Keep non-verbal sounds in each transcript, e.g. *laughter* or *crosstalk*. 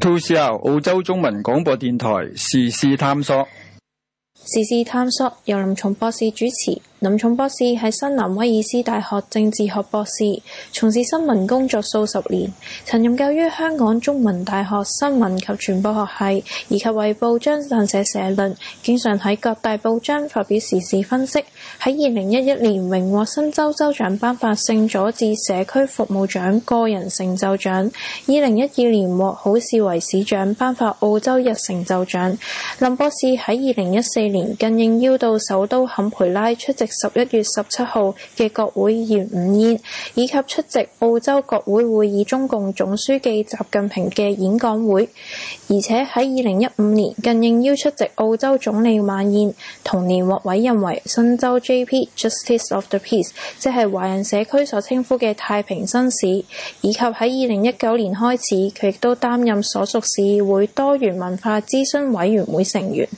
TCL 澳洲中文廣播電台時事探索，時事探索由林松博士主持。林重博士喺新南威爾斯大學政治學博士，從事新聞工作數十年，曾任教於香港中文大學新聞及傳播學系，以及為報章撰寫社論，經常喺各大報章發表時事分析。喺二零一一年榮獲新州州長頒發聖佐治社區服務獎個人成就獎，二零一二年獲好市圍市長頒發澳洲日成就獎，林博士喺二零一四年更應邀到首都坎培拉出席，十一月十七號嘅國會議員午宴，以及出席澳洲國會會議。中共總書記習近平嘅演講會，而且喺二零一五年，更應邀出席澳洲總理晚宴。同年獲委任為新州 J.P. Justice of the Peace，即係華人社區所稱呼嘅太平紳士，以及喺二零一九年開始，佢亦都擔任所屬市議會多元文化諮詢委員會成員。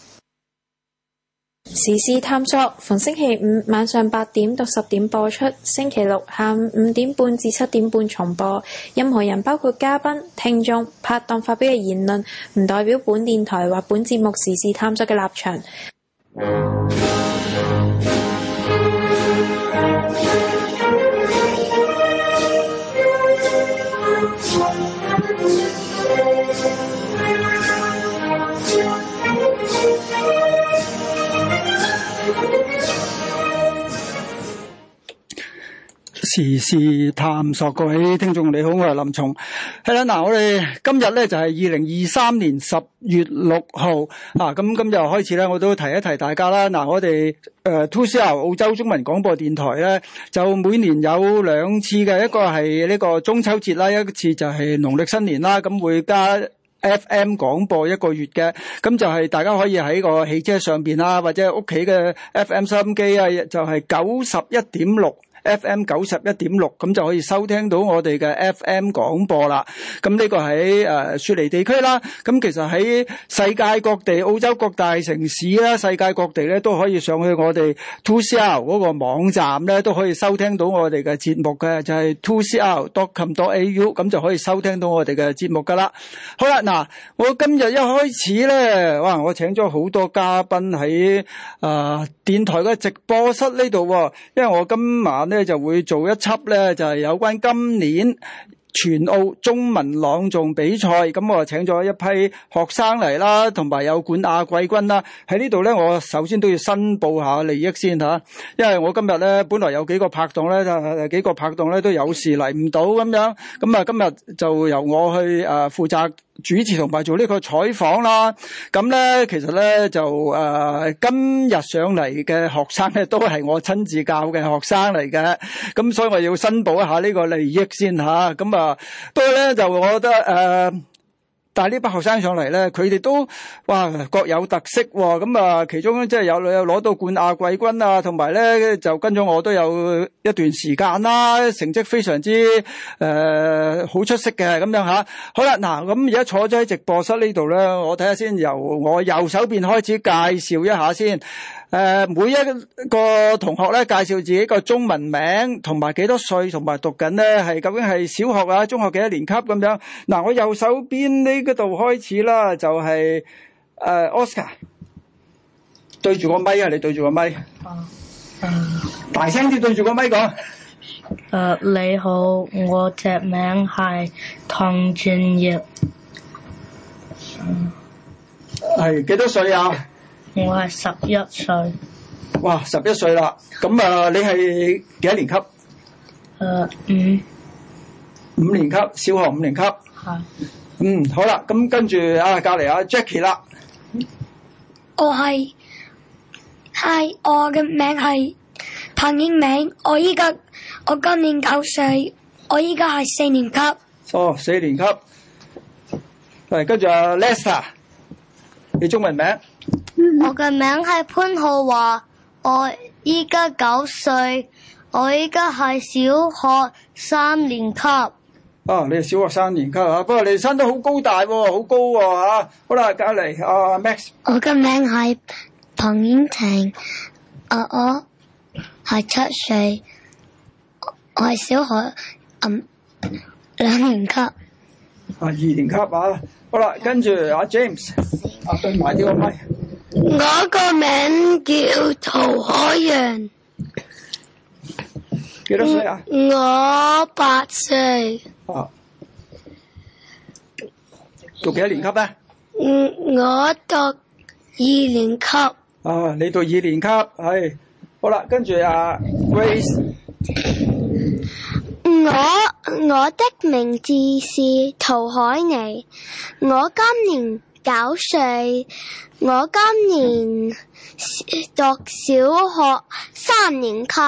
時事探索逢星期五晚上八點到十點播出，星期六下午五點半至七點半重播。任何人，包括嘉賓、聽眾、拍檔發表嘅言論，唔代表本電台或本節目時事探索嘅立場。時事探索，各位聽眾，你好，我係林松。係啦，嗱，我哋今日呢就係2023年10月6號。咁今日開始呢，我都提一提大家啦，嗱，我哋 2CR 澳洲中文廣播電台呢，就每年有兩次，一個係呢個中秋節啦，一次就係農曆新年啦，咁會加 FM 廣播一個月嘅，咁就係大家可以喺個汽車上面啊，或者屋企嘅 FM 收音機呀，就係91.6 F.M. 九十一點六，咁就可以收聽到我哋嘅 F.M. 廣播啦。咁呢個喺誒、呃、雪梨地區啦。咁其實喺世界各地、澳洲各大城市啦、世界各地咧都可以上去我哋 Two C R 嗰個網站咧，都可以收聽到我哋嘅節目嘅，就係、是、Two C R dot com dot A U，咁就可以收聽到我哋嘅節目噶啦。好啦，嗱，我今日一開始咧，哇，我請咗好多嘉賓，喺、呃、誒電台嘅直播室呢度喎，因為我今晚咧。咧就會做一輯呢，就係、是、有關今年全澳中文朗誦比賽。咁我請咗一批學生嚟啦，同埋有冠亞季軍啦。喺呢度呢，我首先都要申報下利益先嚇，因為我今日呢，本來有幾個拍檔咧，幾個拍檔呢都有事嚟唔到咁樣。咁啊，今日就由我去誒負、啊、責主持同埋做呢個採訪啦，咁咧其實咧就誒、呃、今日上嚟嘅學生咧都係我親自教嘅學生嚟嘅，咁所以我要申報一下呢個利益先吓，咁啊不過咧就我覺得誒。呃但係呢班學生上嚟咧，佢哋都哇各有特色喎，哦。咁啊，其中即係有女有攞到冠亞季軍啊，同埋咧就跟咗我都有一段時間啦，成績非常之誒好，呃、出色嘅咁樣下好啦，嗱咁而家坐咗喺直播室呢度咧，我睇下先，由我右手邊開始介紹一下先。誒，每一個同學咧，介紹自己個中文名，同埋幾多歲，同埋讀緊咧係究竟係小學啊、中學幾多年級咁樣。嗱，我右手邊呢嗰度開始啦，就係誒，Oscar，對住個咪啊，你對住個咪，啊，大聲啲對住個咪講。誒，你好，我隻名係唐俊業，係幾多歲啊？我係十一歲。哇，十一歲啦！咁啊，你係幾多年級？誒，五五年級，小學五年級。係、uh,。嗯，好啦，咁跟住啊，隔籬阿、啊、Jackie 啦。我係係我嘅名係彭英明，我依家我今年九歲，我依家係四年級。哦，四年級。嚟、嗯、跟住阿 Lester 你中文名？我嘅名係潘浩華，我依家九歲，我依家係小學三年級。哦、啊，你係小學三年級啊？不過你生得好高大喎、哦，好高啊吓！好啦，隔籬阿 Max，我嘅名係彭婉婷，我我係七歲，我係小學嗯兩年級。啊，二年級啊！好啦，嗯、跟住阿、啊、James，對埋呢個麥。我個名叫陶海洋，幾多歲啊？我八歲。哦、啊。讀幾多年級呢？嗯，我讀二年級。啊，你讀二年級，係好啦。跟住啊，Grace，我我的名字是陶海妮，我今年九歲。我今年讀小學三年級。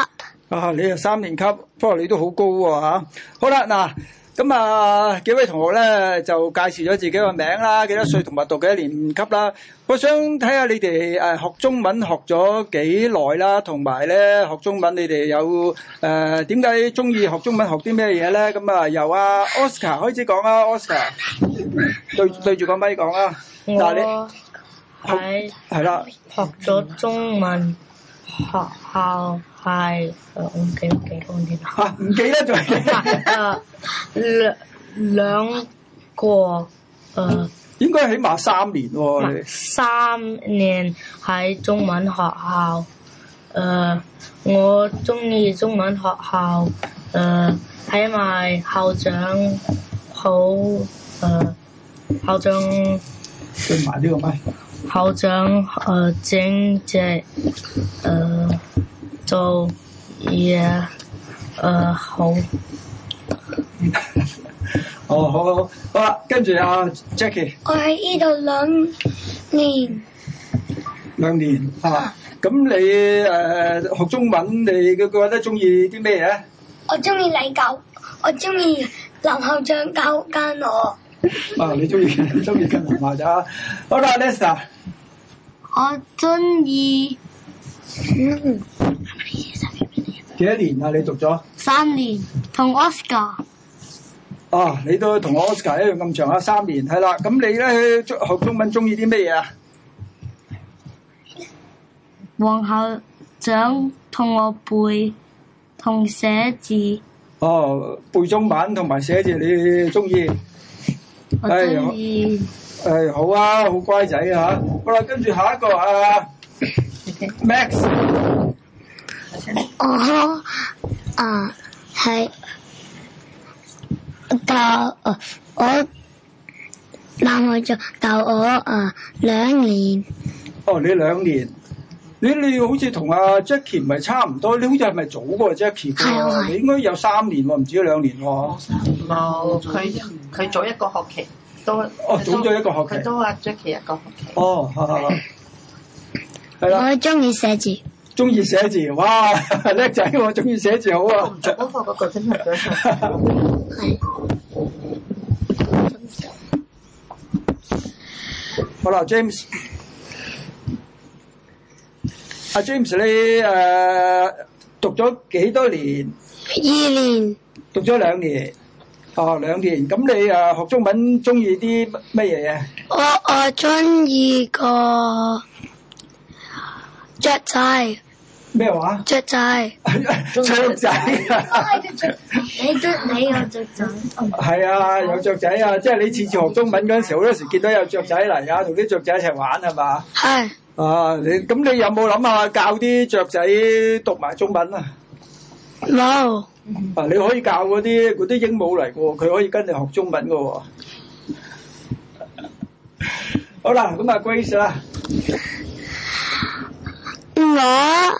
啊，你啊，三年級，不過你都好高喎吓。好啦，嗱咁啊，幾位同學咧就介紹咗自己個名啦，幾多歲同埋讀幾多年級啦。我想睇下你哋誒，學中文學咗幾耐啦，同埋咧學中文你哋有誒，點解中意學中文學，啲咩嘢咧？咁啊，由阿 Oscar 開始講啦，Oscar 對對住個咪講啦。我。喺係啦，學咗中文學校係兩、呃、幾多年啊？唔記得咗、 *laughs* 呃。兩誒，兩兩個誒、呃，應該起碼三年喎、哦。三年喺中文學校誒、呃，我中意中文學校誒，喺埋、呃、校長好誒、呃，校長。變埋呢個咪？校長誒，整只誒做嘢誒好，哦好，好，好，好啦，跟住阿 Jackie，我喺呢度兩年，兩年啊，咁你誒學中文，你你覺得中意啲咩嘢？我中意李狗，我中意林校長教緊我。 *laughs* 啊！你中意，中意跟人話咋？好啦 l e s t a 我中意。嗯。幾多年啊？你讀咗？三年，同 Oscar。啊！你都同 Oscar 一樣咁長啊？三年係啦。咁你咧學中文中意啲咩嘢啊？王校長同我背同寫字。哦，背中文同埋寫字，你中意？係，誒、哎哎，好啊，好乖仔啊，好啦，啊，跟住下一個啊，Max，哦呵，啊，係，但、啊、我，到我冇我就，教我啊兩年，哦，你兩年。你你好似同阿 Jackie 唔係差唔多，你好似係咪早過 Jackie 㗎？啊、你應該有三年喎，唔止兩年喎。冇佢佢早一個學期都哦早咗一個學期，都阿 Jackie 一個學期。哦，好係啦。我中意寫字，中意寫字，哇叻仔！我中意寫字好啊。做嗰個嗰好啦，James。James，你誒讀咗幾多年？二年。讀咗兩年，哦，兩年。咁你誒學中文中意啲乜嘢啊？我我中意個雀仔。咩話？雀仔。雀仔，你得你有雀仔。係 *laughs* 啊 *laughs* *laughs* 豬仔，有雀仔啊！ *laughs* *laughs* 即係你次次學中文嗰陣時候，好多時見到有雀仔嚟啊，同啲雀仔一齊玩係嘛？係。係啊，你咁你有冇諗下教啲雀仔讀埋中文啊？冇。啊，你可以教嗰啲嗰啲鸚鵡嚟噶喎，佢可以跟你學中文噶喎。好啦，咁啊 Grace 啦。我啊。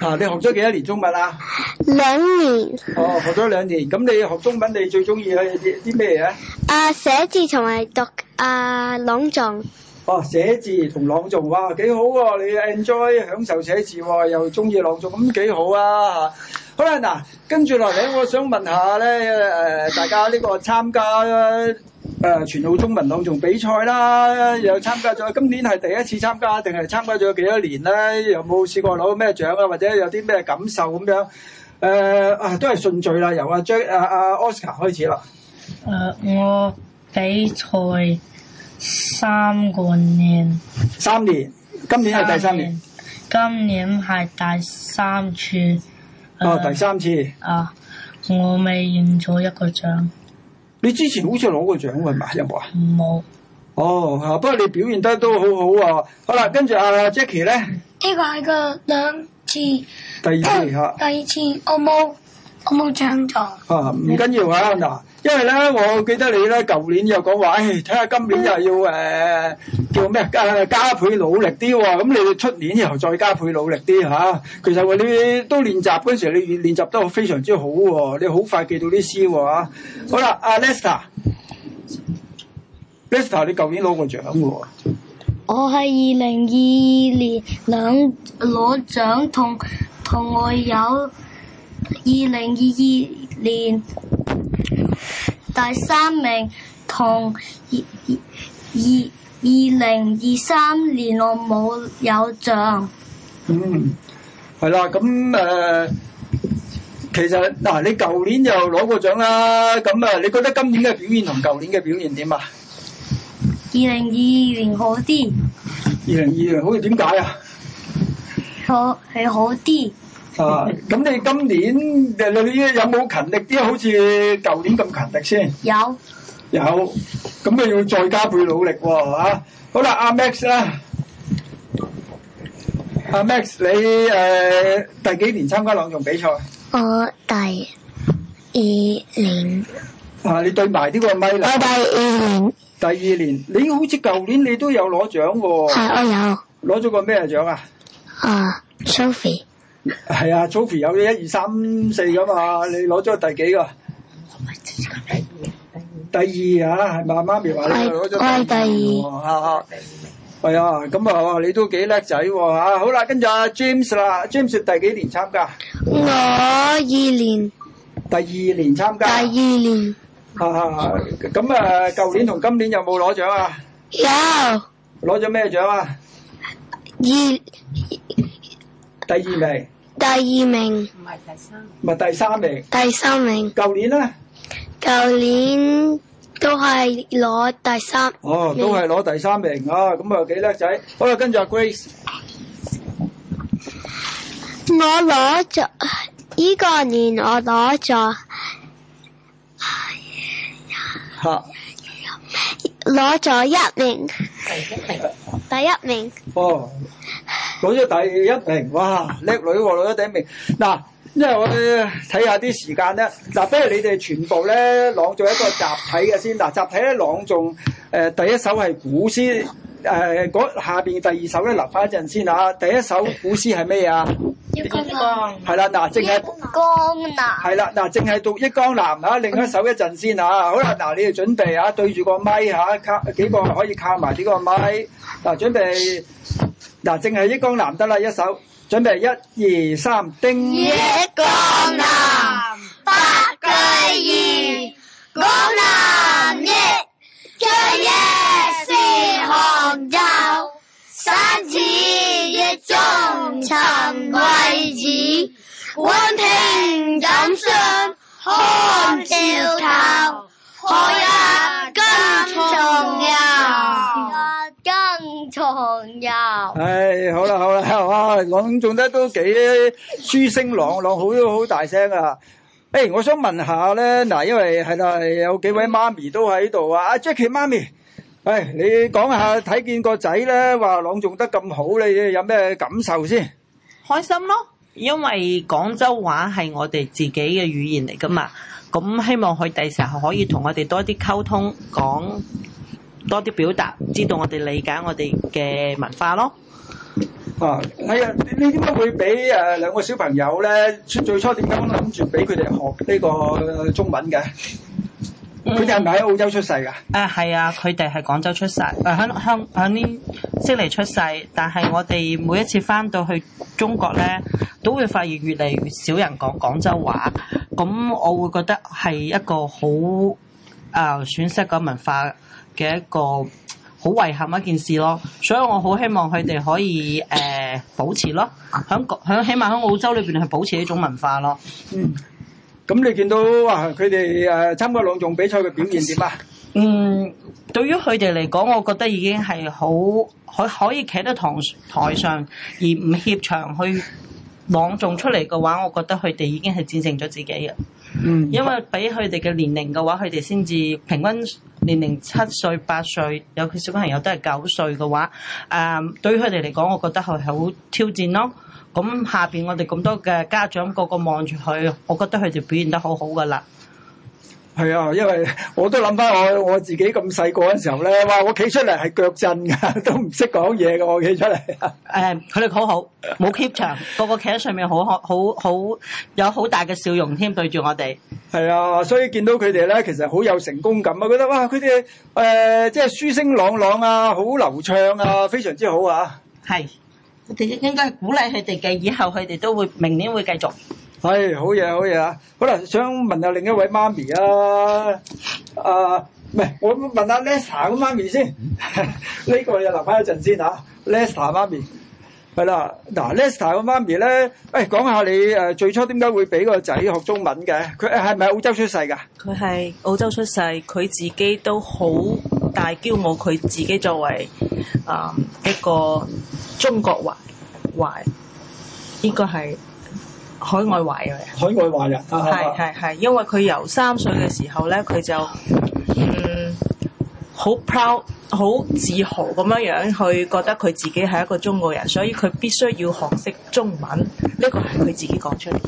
啊，你學咗幾多年中文啊？兩年。哦，學咗兩年，咁你學中文你最中意嘅啲咩嘢啊？啊，寫字同埋讀。呃,朗誦,喔,寫字同朗誦,嘩,幾好喎,你 enjoy, 比賽三個年，三年，今年係第三年，三年，今年係第三次。哦、啊啊，第三次。啊，我未贏咗一個獎。你之前好似攞過獎喎，係咪有冇啊？冇。哦，不過你表現得都很好好、啊、喎。好啦，跟住阿、啊、Jackie 咧，呢、這個係個兩次，第二次吓、啊，第二次我冇，我冇獎狀。啊，唔緊要啊嗱因為咧，我記得你咧，舊年又講話，睇下今年又要誒、呃、叫咩加加倍努力啲喎。咁、嗯、你出年以後再加倍努力啲吓、啊。其實話你都練習嗰時候，你越練習得非常之好喎，你好快記到啲詩喎吓。好啦，阿 Lesta，Lesta 你舊年攞過獎喎。我係二零二二年兩攞獎，同同我有二零二二年，第三名同二二二零二三年我冇有獎。嗯，係啦，咁誒、呃，其實嗱、啊，你舊年又攞過獎啦，咁啊，你覺得今年嘅表現同舊年嘅表現點啊？二零二二年好啲。二零二二年好似點解啊？好係好啲。啊！咁你今年有冇勤力啲，好似舊年咁勤力先？有，有。咁咪要再加倍努力喎嚇！好啦，阿 Max 啦，阿 Max 你誒第幾年參加朗誦比賽？我第二年。啊，你對埋呢個咪啦。我第二年。第二年，你好似舊年你都有攞獎喎。係，我有。攞咗個咩獎啊？啊，Sophie。係啊，Trophy 有咗一二三四噶嘛？你攞咗第幾個？第二，第二吓係咪？媽咪話你攞咗。我係第二。係啊，咁啊，你都幾叻仔喎吓！好啦，跟住阿 James 啦，James 第幾年參加？我二年。第二年參加。第二年。啊，咁啊，舊年同今年有冇攞獎啊？有。攞咗咩獎啊？二，第二名。第二名，唔係第三，唔係第三名，第三名。舊年咧，舊年都係攞第三，哦，都係攞第三名啊，咁啊幾叻仔。好啦，跟住阿 Grace，我攞咗依個年我攞咗，攞咗一名，第一名，第一名。攞咗第一名，哇叻女喎、啊，攞咗第一名。嗱、啊，因為我哋睇下啲時間咧，嗱、啊、不如你哋全部咧朗誦一個集體嘅先。嗱、啊，集體咧朗誦，誒、呃、第一首係古詩，誒、呃、嗰下邊第二首咧，留翻一陣先啊。第一首古詩係咩啊？憶、啊啊、江南。係啦，嗱，淨係憶江南。係啦，嗱，淨係讀憶江南啊。另一首一陣先啊。嗯、好啦，嗱、啊，你哋準備啊，對住個咪，嚇、啊，靠幾個可以靠埋啲個咪！嗱、啊，準備。嗱、啊，正係憶江南得啦，一首，準備一二三，丁憶江南，白居易，江南憶，最憶是杭州，山寺月中尋桂子，吳平錦瑟看潮頭，何日更重遊。更重要。唉，好啦好啦，哇，朗誦得都幾書聲朗朗，好好大聲啊！唉，我想問下咧，嗱，因為係啦，有幾位媽咪都喺度啊，阿 Jacky 媽咪，唉，你講下睇見個仔咧，話朗誦得咁好，你有咩感受先？開心咯，因為廣州話係我哋自己嘅語言嚟噶嘛，咁希望佢第時候可以同我哋多啲溝通講多啲表達，知道我哋理解我哋嘅文化咯、嗯。哦，啊，你你點解會俾、啊、兩個小朋友咧？最初點解諗住俾佢哋學呢個中文嘅？佢哋係咪喺澳洲出世噶？係、 *noise* 嗯、啊，佢哋係廣州出世喺香喺呢悉尼出世。但係我哋每一次翻到去中國咧，都會發現越嚟越少人講廣州話，咁我會覺得係一個好啊損失嘅文化，嘅一個好遺憾一件事咯，所以我好希望佢哋可以誒、呃、保持咯，響響起碼響澳洲裏邊係保持呢種文化咯。嗯，咁你見到啊佢哋誒參加朗誦比賽嘅表現點啊？嗯，對於佢哋嚟講，我覺得已經係好可可以企喺台台上而唔怯場去朗誦出嚟嘅話，我覺得佢哋已經係戰勝咗自己嘅。嗯，因為俾佢哋嘅年齡嘅話，佢哋先至平均年齡七歲八歲，有啲小朋友都係九歲嘅話，誒、嗯、對於佢哋嚟講，我覺得係好挑戰咯。咁、嗯、下邊我哋咁多嘅家長個個望住佢，我覺得佢哋表現得好好噶啦。係啊，因為我都諗返我我自己咁細個嘅時候咧，哇！我企出嚟係腳震㗎，都唔識講嘢㗎。我企出嚟。誒，佢哋好好，冇怯場， *laughs* 個個企喺上面，好好好，有好大嘅笑容添，對住我哋。係啊，所以見到佢哋咧，其實好有成功感啊！覺得哇，佢哋誒即係書聲朗朗啊，好流暢啊，非常之好啊！係，其實應該鼓勵佢哋嘅，以後佢哋都會明年會繼續。係、哎，好嘢好嘢啊！好啦，想問下另一位媽咪啊，啊，唔係，我問下 Lesa 個媽咪先。呢、這個又留翻一陣先嚇，Lesa 媽咪，係啦，嗱，Lesa 個媽咪咧，誒、哎，講下你誒最初點解會俾個仔學中文嘅？佢係咪澳洲出世㗎？佢係澳洲出世，佢自己都好大驕傲，佢自己作為啊、呃、一個中國華華，呢、這個係。海外華人，海外華人啊，係係係，因為佢由三歲嘅時候咧，佢就嗯好 proud，好自豪咁樣樣去覺得佢自己係一個中國人，所以佢必須要學識中文，呢個係佢自己講出嚟。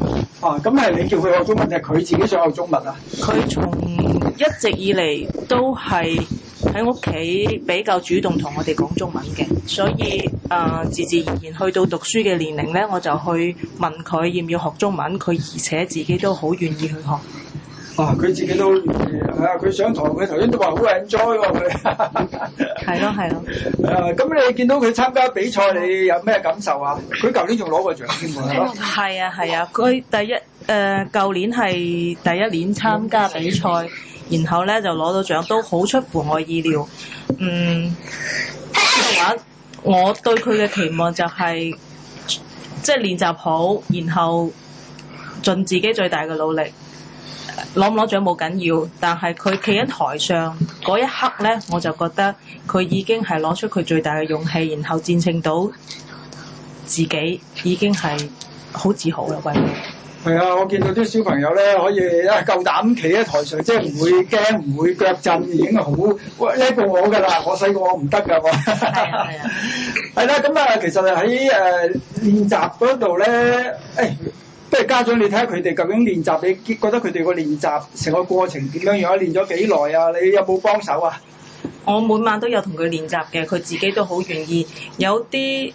哦、啊，咁係你叫佢學中文定係佢自己想學中文啊？佢從一直以嚟都係。喺屋企比較主動同我哋講中文嘅，所以誒、呃，自自然然去到讀書嘅年齡咧，我就去問佢要唔要學中文，佢而且自己都好願意去學。哇、啊！佢自己都，係、嗯嗯、啊！佢想同佢頭先都話好 enjoy 喎佢。係咯，係咯。誒，咁你見到佢參加比賽，你有咩感受啊？佢舊年仲攞過獎添喎，係啊，係啊。佢、嗯啊啊啊啊啊、第一誒，舊、呃、年係第一年參加比賽。然後咧就攞到獎都好出乎我意料，嗯，嘅話，我對佢嘅期望就係即係練習好，然後盡自己最大嘅努力，攞唔攞獎冇緊要，但係佢企喺台上嗰一刻咧，我就覺得佢已經係攞出佢最大嘅勇氣，然後戰勝到自己，已經係好自豪嘅。係啊，我見到啲小朋友咧可以啊夠膽企喺台上，即係唔會驚，唔會腳震，已經好叻過我㗎啦。我細個我唔得㗎喎。係啊係啊。係啦，咁啊，其實喺誒、呃、練習嗰度咧，誒，不如家長你睇下佢哋究竟練習，你覺得佢哋個練習成個過程點樣樣？練咗幾耐啊？你有冇幫手啊？我每晚都有同佢練習嘅，佢自己都好願意，有啲。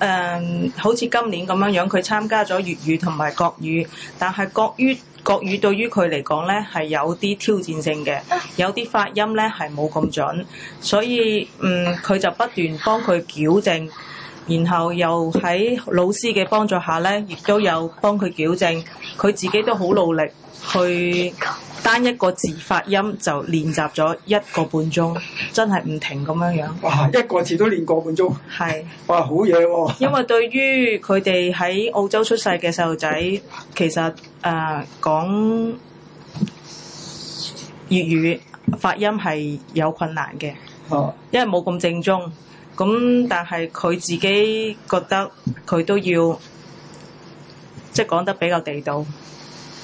誒，um，好似今年咁樣樣，佢參加咗粵語同埋國語，但係國語，國語對於佢嚟講呢，係有啲挑戰性嘅，有啲發音呢係冇咁準，所以，嗯，佢就不斷幫佢矯正，然後又喺老師嘅幫助下呢，亦都有幫佢矯正，佢自己都好努力去。單一個字發音就練習咗一個半鐘，真係唔停咁樣樣。哇！一個字都練過半鐘。係。哇！好嘢喎、啊。因為對於佢哋喺澳洲出世嘅細路仔，其實誒、呃、講粵語發音係有困難嘅、啊，因為冇咁正宗。咁但係佢自己覺得佢都要即係、就是、講得比較地道。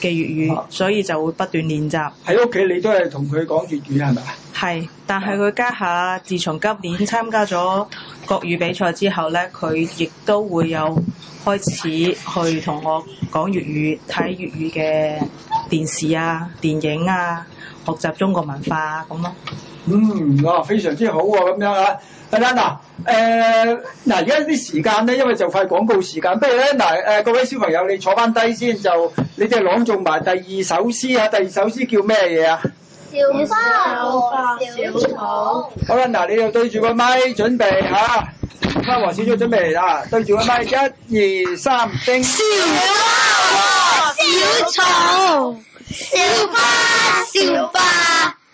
嘅粵語，啊，所以就會不斷練習。喺屋企你都係同佢講粵語係咪啊？係，但係佢家下，自從今年參加咗國語比賽之後呢，佢亦都會有開始去同我講粵語，睇粵語嘅電視啊、電影啊，學習中國文化咁啊咯。嗯，啊，非常之好喎、啊，咁樣啊，大、啊、啦，嗱、呃，誒、啊，嗱，而家啲時間咧，因為就快廣告時間，不如咧，嗱、啊，誒、啊，各位小朋友，你坐翻低先，就你哋朗誦埋第二首詩啊，第二首詩叫咩嘢啊？小花小草，小草。好啦、啊，嗱、啊，你要對住個咪準備啊。返啊，黃小俊準備啦，對住個咪，一二三，叮。小花小草，小花小花。小花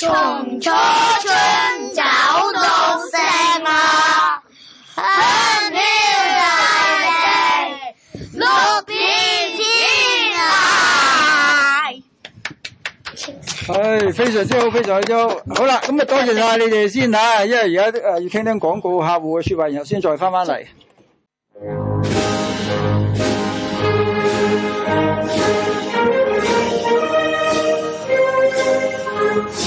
從初春走到四月，香飄大地，綠遍天涯。哎，非常之好，非常之好。好啦，咁啊，多謝晒你哋先啊，因為而家誒要傾聽廣告客戶嘅說話，然後先再翻翻嚟。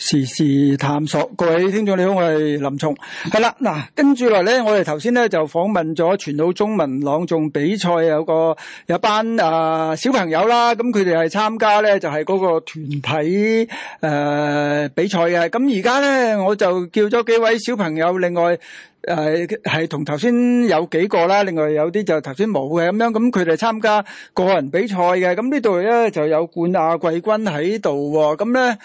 時事探索，各位聽眾你好，我係林松。係啦，嗱，跟住落嚟咧，我哋頭先咧就訪問咗全澳中文朗誦比賽有個有班誒小朋友啦，咁佢哋係參加咧就係嗰個團體誒比賽嘅。咁而家咧，我就叫咗幾位小朋友，另外誒係同頭先有幾個啦，另外有啲就頭先冇嘅咁樣，咁佢哋參加個人比賽嘅。咁呢度咧就有冠亞季軍喺度，咁咧。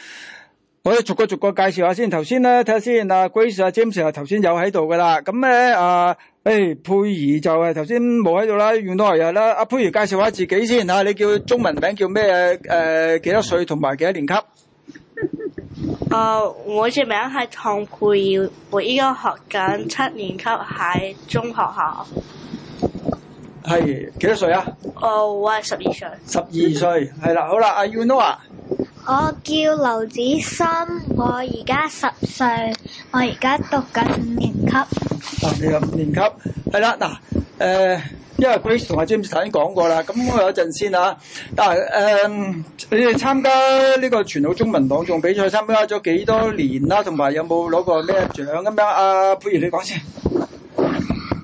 我哋逐個逐個介紹下先，頭先咧睇下先，啊 Grace 啊、James 啊，頭先有喺度噶啦，咁咧啊，誒、哎、佩兒就係頭先冇喺度啦，遠多日啦，阿、啊啊、佩兒介紹下自己先吓、啊，你叫中文名叫咩？誒、呃，幾多歲？同埋幾多年級？啊、呃，我全名係唐佩兒，我依家學緊七年級喺中學校。係幾多歲啊？哦、oh, you know?，我係十二歲。十二歲，係啦，好啦，阿 You know 啊？我叫劉子心，我而家十歲，我而家讀緊五年級。嗱、啊，你又五年級，係啦，嗱、啊，誒、呃，因為 Grace 同阿 James 已經講過啦，咁我有陣先啊。嗱、啊，誒、呃，你哋參加呢個全澳中文朗誦比賽，參加咗幾多年啦、啊？同埋有冇攞過咩獎咁樣？阿、啊，不如你講先。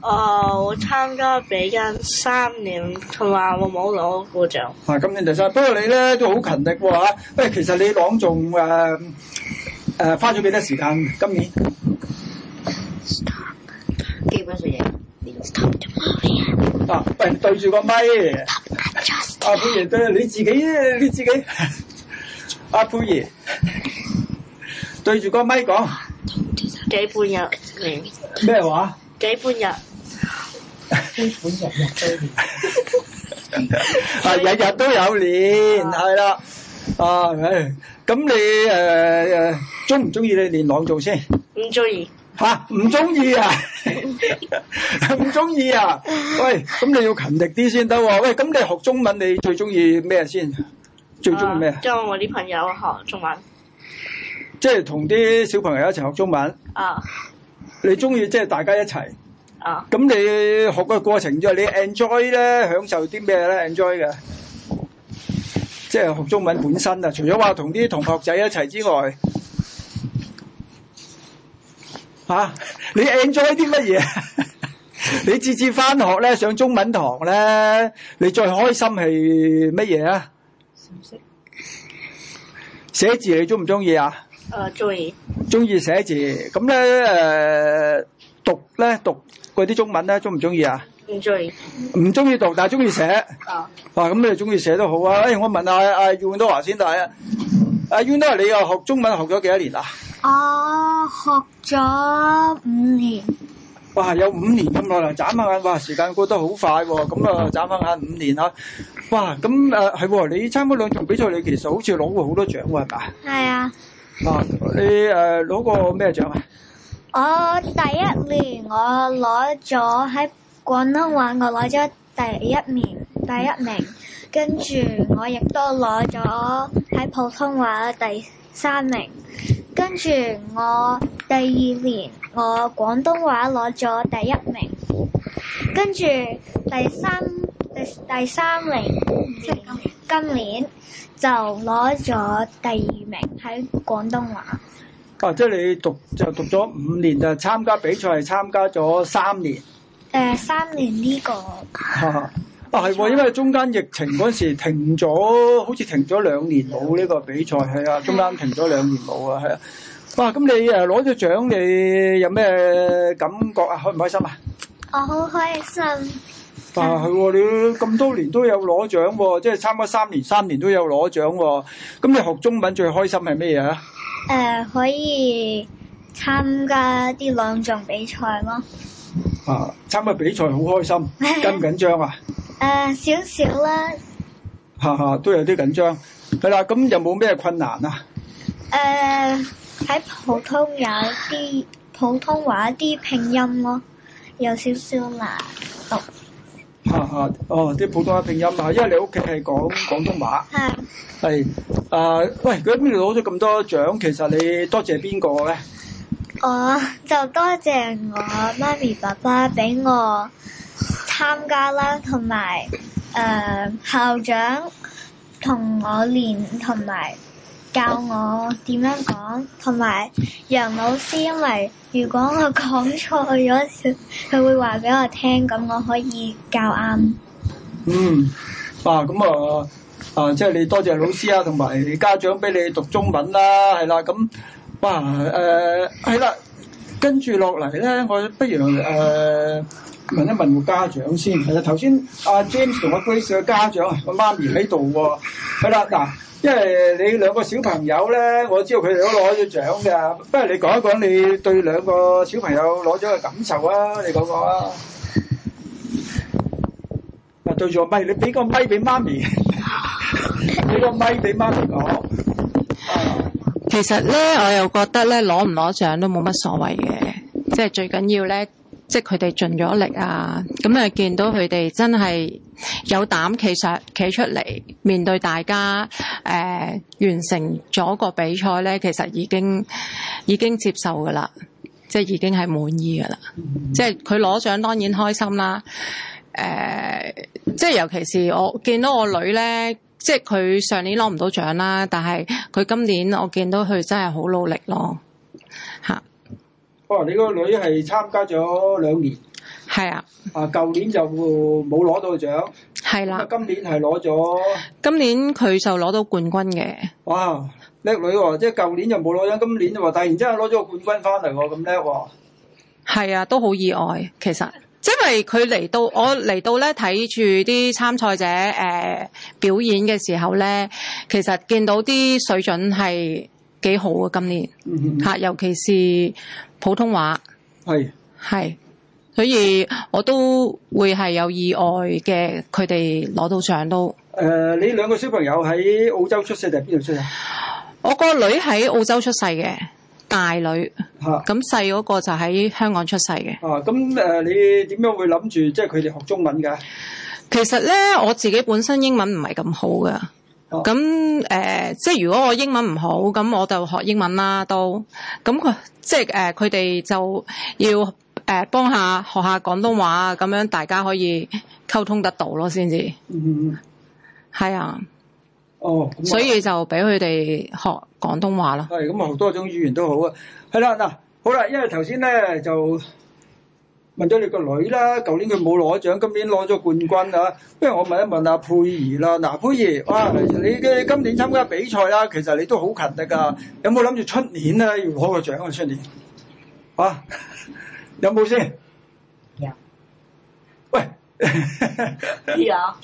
誒、哦，我參加比緊三年，同埋我冇攞過獎。係、啊、今年第、就、三、是，不過你咧都好勤力喎不誒，其實你朗誦誒誒花咗幾多時間？今年？基本上 tomorrow 啊，喂、哎，對住個麥。阿佩爺對，你自己，你自己。阿佩爺，對住個麥講。Do 幾半日？咩話？幾半日？基本日日都有練，啊， *laughs* 日日都有練，係啦，啊，咁你誒中唔中意你練朗誦先？唔中意嚇，唔中意啊，唔中意啊，喂，咁你要勤力啲先得喎。喂，咁你學中文你最中意咩先？最中意咩？即、啊、係我啲朋友學中文，即係同啲小朋友一齊學中文。啊，你中意即係大家一齊？咁你學嘅過程之後，你 enjoy 咧，享受啲咩咧？enjoy 嘅，即係學中文本身啊。除咗話同啲同學仔一齊之外，吓、啊、你 enjoy 啲乜嘢？ *laughs* 你次次翻學咧上中文堂咧，你最開心係乜嘢啊？寫字，寫字你中唔中意啊？誒、uh，中意，中意寫字咁咧誒，讀咧讀。嗰啲中文咧，中唔中意啊？唔中意。唔中意讀，但係中意寫。啊。哇，咁你又中意寫都好啊！哎，我問下阿阿 Under 華先得啊。阿 Under 華你又學中文學咗幾多年啊？哦，學咗五年。哇，有五年咁耐啊！眨下眼，眼，哇，時間過得好快喎！咁啊，眨下眼，眼五年啊！哇，咁誒係喎，你參加兩場比賽，你其實好似攞過好多獎喎，係咪？係啊。嗱、啊，你誒攞過咩獎啊？我第一年我攞咗喺廣東話我攞咗第一名第一名，跟住我亦都攞咗喺普通話第三名，跟住我第二年我廣東話攞咗第一名，跟住第三第三名今今年，今年就攞咗第二名喺廣東話。啊！即係你讀就讀咗五年，就參加比賽，參加咗三年。誒，三年呢個。啊，係喎，因為中間疫情嗰時停咗，好似停咗兩年冇呢個比賽係啊，中間停咗兩年冇啊，係啊。哇！咁你誒攞咗獎，你有咩感覺啊？開唔開心啊？我好開心。啊，係喎，你咁多年都有攞獎，即係參加三年，三年都有攞獎。咁你學中文最開心係咩嘢啊？誒、呃，可以參加啲兩場比賽咯。啊，參加比賽好開心，緊唔緊張啊？誒、呃，少少啦。哈、啊、哈，都有啲緊張。係啦，咁有冇咩困難啊？誒、呃，喺普通有啲普通話啲拼音咯，有少少難讀。Oh. 哈、啊、哈，哦、啊，啲、啊、普通話拼音啊，因為你屋企係講廣東話，係，係。啊，喂，佢喺邊度攞咗咁多獎？其實你多謝邊個咧？我就多謝我媽咪爸爸俾我參加啦，同埋誒校長同我練，同埋。教我點樣講，同埋楊老師，因為如果我講錯咗，佢會話俾我聽，咁我可以教啱。嗯，哇，咁啊，啊，即係你多謝老師啊，同埋家長俾你讀中文啦、啊，係啦，咁、啊，哇、啊，誒、啊，係啦，跟住落嚟咧，我不如誒、啊、問一問個家長先。頭先阿 James 同阿 Grace 嘅家長，個、啊、媽咪喺度喎，係啦，嗱、啊。因為你兩個小朋友咧，我知道佢哋都攞咗獎㗎。不如你講一講你對兩個小朋友攞獎嘅感受啊！你講講啊！嗱，對住個咪，你俾個咪俾媽咪，俾個咪俾媽咪講。其實咧，我又覺得咧，攞唔攞獎都冇乜所謂嘅，即係最緊要咧。即係佢哋盡咗力啊！咁啊，見到佢哋真係有膽企上企出嚟面對大家，誒、呃、完成咗個比賽咧，其實已經已經接受㗎啦，即係已經係滿意㗎啦。即係佢攞獎當然開心啦，誒、呃、即係尤其是我見到我女咧，即係佢上年攞唔到獎啦，但係佢今年我見到佢真係好努力咯。哦，你個女係參加咗兩年？係啊，啊，舊年就冇攞到獎，係啦，今年係攞咗，今年佢就攞到冠軍嘅。哇，叻女喎！即係舊年就冇攞獎，今年就話突然之間攞咗個冠軍翻嚟喎，咁叻喎！係啊，都好意外，其實，因為佢嚟到，我嚟到咧睇住啲參賽者誒表演嘅時候咧，其實見到啲水準係。幾好啊！今年嚇，尤其是普通話，係係，所以我都會係有意外嘅，佢哋攞到獎都。誒、呃，你兩個小朋友喺澳洲出世定係邊度出世？我個女喺澳洲出世嘅，大女，咁細嗰個就喺香港出世嘅。啊，咁誒，你點樣會諗住即係佢哋學中文㗎？其實咧，我自己本身英文唔係咁好噶。咁、哦、誒、呃，即係如果我英文唔好，咁我就學英文啦。都咁佢即係誒，佢、呃、哋就要誒、呃、幫下學下廣東話，咁樣大家可以溝通得到咯，先、嗯、至嗯，係啊，哦，樣所以就俾佢哋學廣東話啦。係咁好多種語言都好啊。係啦，嗱，好啦，因為頭先咧就。問咗你個女啦，舊年佢冇攞獎，今年攞咗冠軍啊！不如我問一問阿佩兒啦，嗱、啊、佩兒，哇，你嘅今年參加比賽啦，其實你都好勤力噶，有冇諗住出年啊？要攞個獎啊出年？啊，有冇先？有。Yeah. 喂、yeah. *laughs* 是。啊！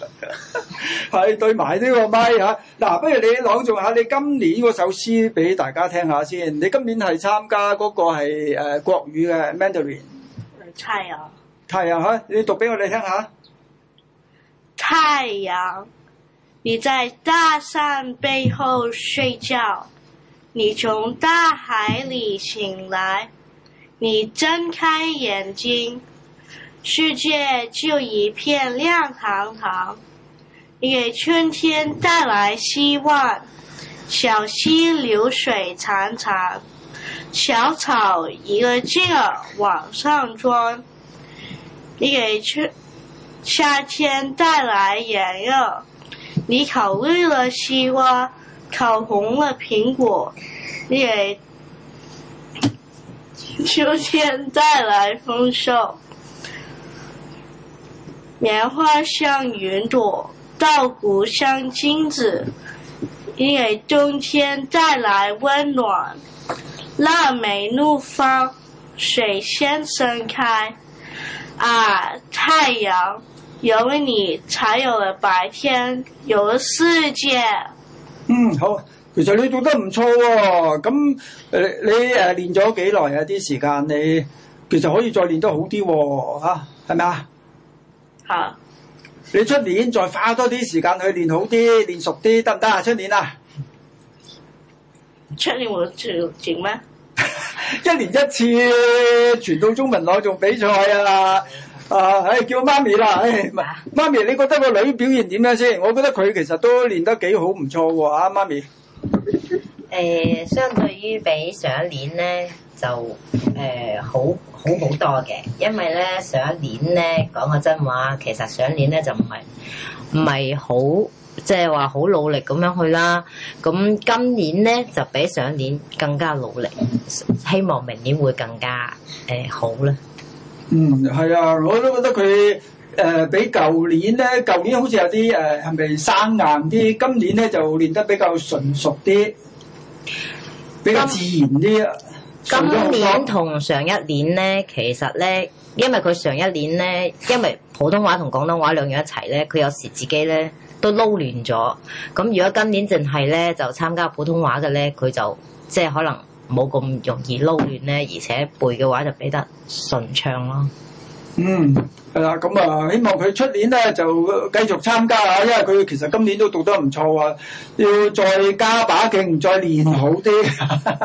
係對埋呢個咪啊！嗱，不如你朗誦下你今年嗰首詩俾大家聽下先。你今年係參加嗰個係誒、呃、國語嘅 Mandarin。太陽，太陽，你讀給我哋聽下。太陽，你在大山背後睡覺，你從大海裏醒來，你睜開眼睛，世界就一片亮堂堂，你給春天帶來希望，小溪流水潺潺。小草一個勁兒往上鑽，你給秋夏天帶來炎熱；你烤綠了西瓜，烤紅了蘋果，你給秋天帶來豐收。棉花像雲朵，稻谷像金子，你給冬天帶來溫暖。臘梅怒放，水仙盛開，啊！太陽，有你才有了白天，有了世界。嗯，好，其實你做得唔錯喎、哦。咁，誒，你誒練咗幾耐啊？啲時間你其實可以再練得好啲、哦，吓，係咪啊？吓，你出年再花多啲時間去練好啲，練熟啲得唔得啊？出年啊？出年我整咩？ *laughs* 一年一次全澳中文朗誦比賽啊！啊，唉、哎，叫媽咪啦，唉、哎，媽咪你覺得個女表現點樣先？我覺得佢其實都練得幾好，唔錯喎，啊，媽咪。誒、欸，相對於比上一年咧，就誒、呃、好好好多嘅，因為咧上一年咧講個真話，其實上一年咧就唔係唔係好。即係話好努力咁樣去啦。咁今年咧就比上一年更加努力，希望明年會更加、呃、好呢。嗯，係啊，我都覺得佢、呃、比舊年咧，舊年好似有啲誒係咪生硬啲，今年咧就練得比較純熟啲，比較自然啲。今年同上一年咧，其實咧，因為佢上一年咧，因為普通話同廣東話兩樣一齊咧，佢有時自己咧。都撈亂咗，咁如果今年淨係咧就參加普通話嘅咧，佢就即係可能冇咁容易撈亂咧，而且背嘅話就俾得順暢咯。嗯，係啦，咁啊，希望佢出年咧就繼續參加啊，因為佢其實今年都讀得唔錯啊，要再加把勁，再練好啲。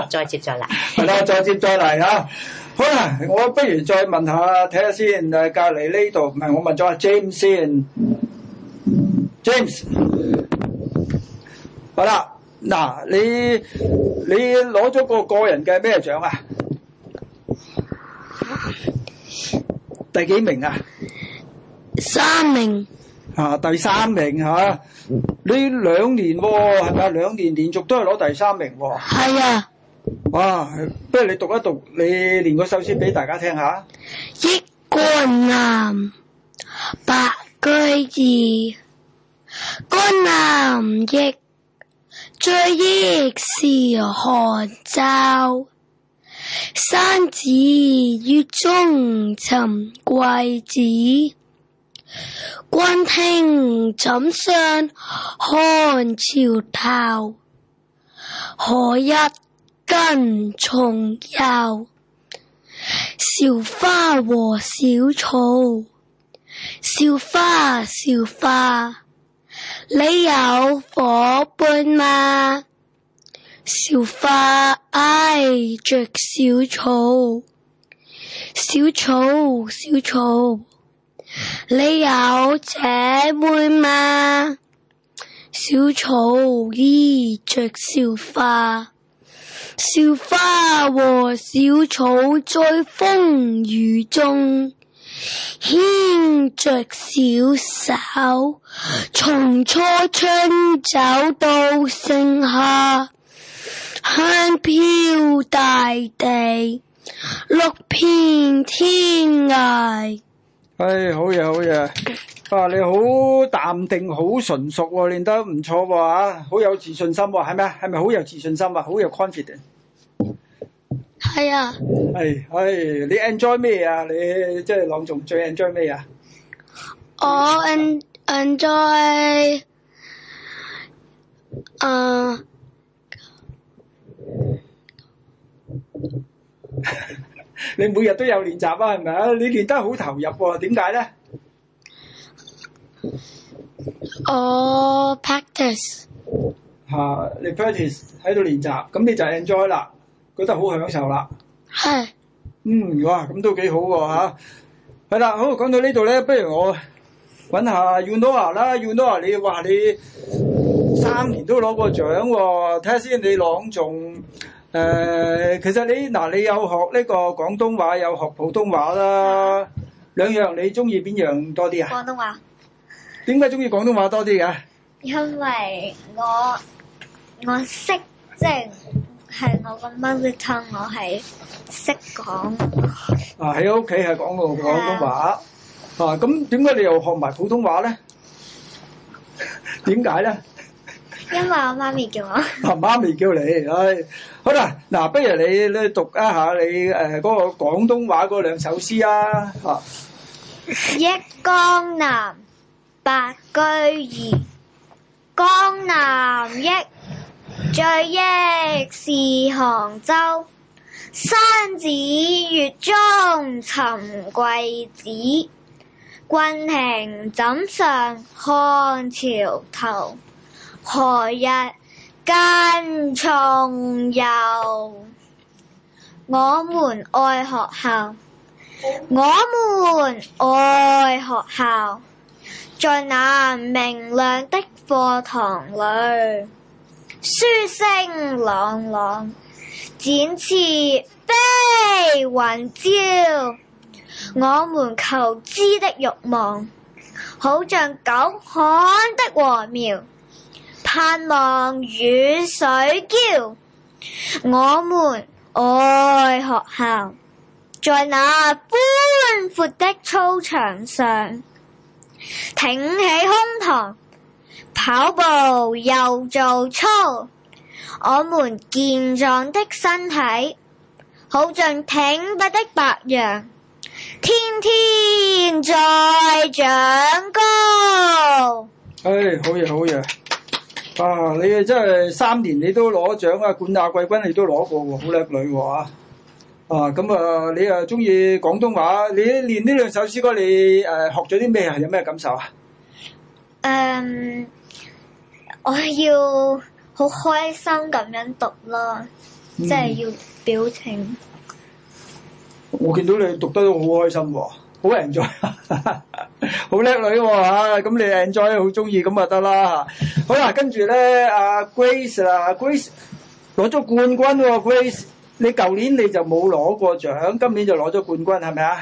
再接再嚟。係啦，再接再嚟啊！好啦，我不如再問下睇下先，誒隔離呢度唔係我問咗阿 James 先。James，好啦，嗱你你攞咗個個人嘅咩獎啊？第幾名啊？三名。啊，第三名嗬？呢兩年喎，係咪啊？兩年連續都係攞第三名喎。係啊。哇，不如你讀一讀，你念個首詩俾大家聽下。憶江南，白居易。江南憶，最憶是杭州。山寺月中尋桂子，郡亭枕上看潮頭。何日更重遊？小花和小草，小花，小花。小花你有伙伴嗎？小花挨着小草，小草小草，你有姐妹嗎？小草依着小花，小花和小草在風雨中。牽着小手，從初春走到盛夏，香飄大地，綠遍天涯。哎，好嘢好嘢、啊，你好淡定，好純熟，練得唔錯、啊，吓，好有自信心、啊，係咪？係咪好有自信心、啊？好有 confident 係啊，係、哎、係、哎，你 enjoy 咩啊？你即係朗誦最 enjoy 咩啊？我 en enjoy，、uh, *laughs* 啊，你每日都有練習啊，係咪啊？你練得好投入，點解咧？我 practice，吓，你 practice 喺度練習，咁你就 enjoy 啦。覺得好享受啦，係，嗯，哇，咁都幾好喎吓，係啦，好講到呢度咧，不如我揾下 Yunnoah know 啦、啊、，Yunnoah，know、啊、你話你三年都攞過獎喎、啊，睇下先你朗誦、呃，其實你嗱、呃，你有學呢個廣東話，有學普通話啦，兩樣你鍾意邊樣多啲啊？廣東話點解鍾意廣東話多啲嘅、啊？因為我我識即係。就是係我個 mother tongue，我係識講。啊喺屋企係講到廣東話，啊咁點解你又學埋普通話咧？點解咧？因為我媽咪叫我。啊媽咪叫你，唉好啦，嗱不如你你讀一下你誒嗰個廣東話嗰兩首詩啊吓。憶江南，白居易。江南憶。最憶是杭州，山寺月中尋桂子，郡亭枕上看潮頭。何日更重遊？我們愛學校，我們愛學校，在那明亮的課堂裏，書聲朗朗，展翅飛雲霄。我們求知的慾望，好像久旱的禾苗，盼望雨水澆。我們愛學校，在那寬闊的操場上，挺起胸膛。跑步又做操，我們健壯的身體，好像挺拔的白楊，天天在長高。誒，好嘢，好嘢。啊，你啊真係三年你都攞獎啊，冠亞季軍你都攞過喎，好叻女喎吓。啊，咁啊，你啊中意廣東話？你練呢兩首詩歌，你誒學咗啲咩啊？有咩感受啊？嗯。我要好開心咁樣讀咯，嗯，即係要表情。我見到你讀得都好開心喎，哦 *laughs* 哦啊，好 enjoy，好叻女喎，咁你 enjoy 好中意咁就得啦。好、啊、啦，跟住咧，阿、啊、Grace 啊，Grace 攞咗冠軍喎，哦，Grace，你舊年你就冇攞過獎，今年就攞咗冠軍，係咪啊？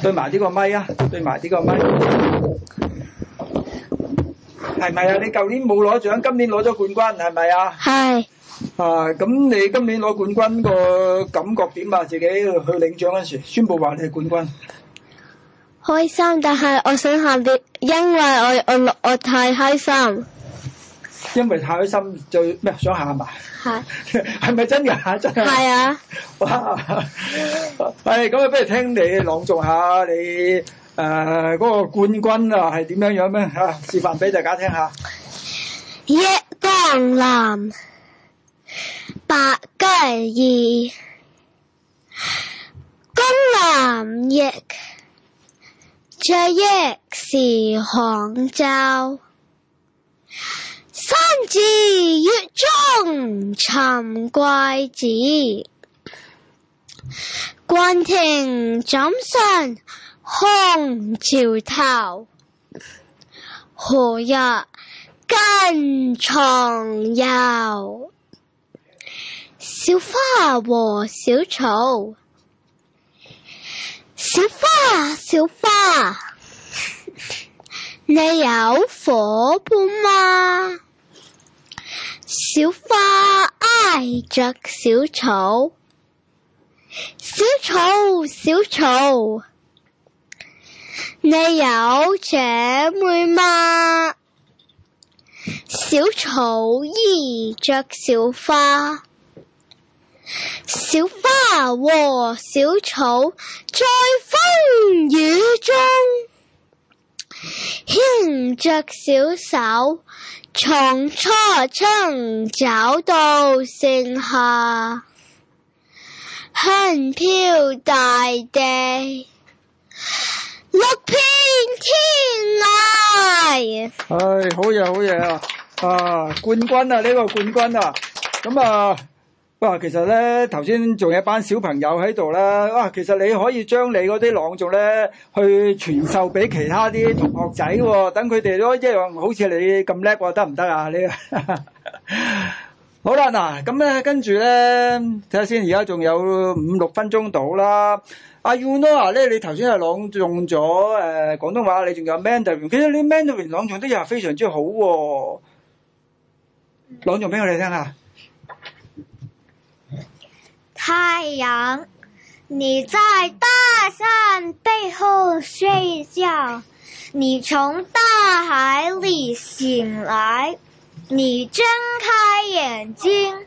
對埋呢個咪啊，對埋呢個咪。係咪啊？你舊年冇攞獎，今年攞咗冠軍，係咪啊？係。啊，咁你今年攞冠軍個感覺點啊？自己去領獎嗰時，宣布話你係冠軍。開心，但係我想喊啲，因為我我我太開心。因為太開心，就咩想喊嘛？係。係咪真㗎？真㗎。係啊。哇！係咁，不如聽你朗誦下你。誒、呃、嗰、那個冠軍啊，係點樣樣呢？嚇、啊？示範畀大家聽一下。憶江南，白居易。江南憶，最憶是杭州。山寺月中尋桂子，郡亭枕上空潮頭，何日更重遊？小花和小草，小花小花，你有伙伴嗎？小花愛着小草，小草小草。小草你有姐妹嗎？小草依着小花，小花和小草在風雨中牽着小手，從初春走到盛夏，香飄大地。六片天來，唉，好嘢，好嘢啊！啊，冠軍啊，呢個冠軍啊！咁啊，哇，其實咧，頭先仲有一班小朋友喺度啦，哇，其實你可以將你嗰啲朗誦咧，去傳授俾其他啲同學仔，等佢哋都一樣，好似你咁叻，得唔得啊？你，好啦，嗱，咁咧，跟住咧，睇下先，而家仲有五六分鐘到啦。阿 U n o 呢，you know, 你頭先係朗讀咗誒廣東話，你仲有 mandarin，其實你 mandarin 朗讀啲嘢非常之好喎、哦。朗讀 m 我哋聽下：「啊！太陽，你在大山背後睡覺，你從大海裡醒來，你睜開眼睛。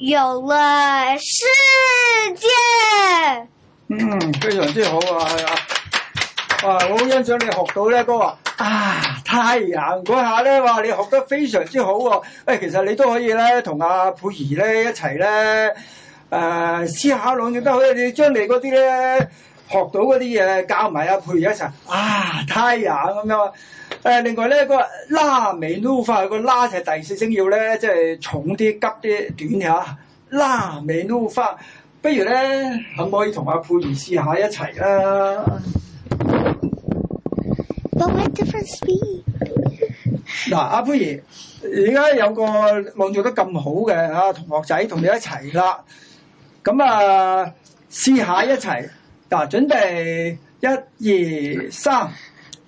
有了世界，嗯，非常之好啊，係啊，啊，我好欣賞你學到呢個啊，啊，太陽嗰下咧，你學得非常之好啊！哎、其實你都可以咧，同阿、啊、佩兒咧一齊咧，誒、呃，思考諗住都可以。你將你嗰啲咧學到嗰啲嘢教埋阿佩兒一齊，太陽啊，太陽咁樣。誒，另外咧、個拉尾擼花個拉就係、第四聲要咧，即、就、係、係、重啲急啲短嚇拉尾擼花。不如咧可唔可以同阿佩兒試下一齊啦 But what difference be？嗱，阿、 *laughs* 啊、佩兒，而家有個朗誦得咁好嘅啊同學仔同你一齊啦。咁啊，試下一齊。嗱、啊，準備一二三。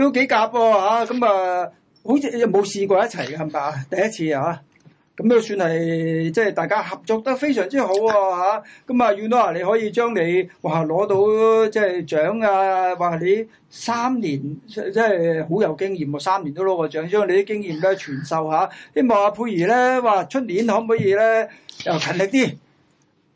都幾夾喎，咁啊，好似冇試過一齊嘅係咪？啊，第一次啊，咁都算係即係大家合作得非常之好啊。咁啊，遠東啊，你可以將你話攞到即係、就是、獎啊，話你三年即係好有經驗三年都攞過獎，將你啲經驗咧傳授下、啊。希望阿佩兒咧話出年可唔可以咧又勤力啲，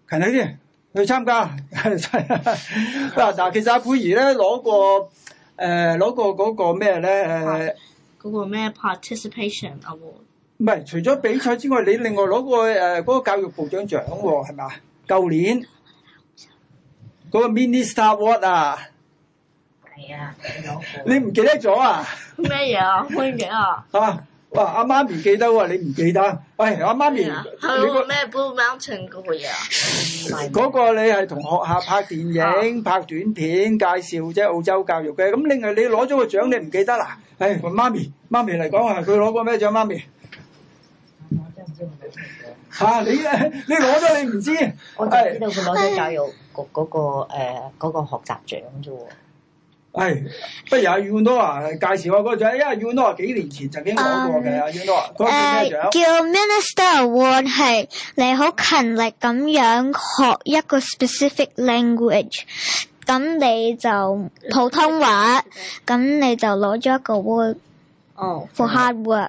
勤力啲去參加。嗱 *laughs* 其實阿佩兒咧攞過。誒、呃，攞過嗰、那個咩咧？誒，嗰個咩 Participation Award？唔係，除咗比賽之外，你另外攞過誒嗰個教育部長獎喎、啊，係咪？舊年嗰、那個 Minister Award 啊？係、哎、啊， *laughs* 你唔記得咗啊？咩嘢啊？唔記得啊？哇，阿媽咪記得喎，你唔記得？喂，阿媽咪？係個咩 Blue Mountain 嘅嘢啊？係，不如阿 you know 啊，介紹我個仔，因為 you know 啊，幾年前曾經講過嘅，阿 you know 啊，嗰個叫咩獎？叫 Minister，係你好勤力咁樣學一個 specific language，咁你就普通話，咁你就攞咗一個 word，哦，for hard work。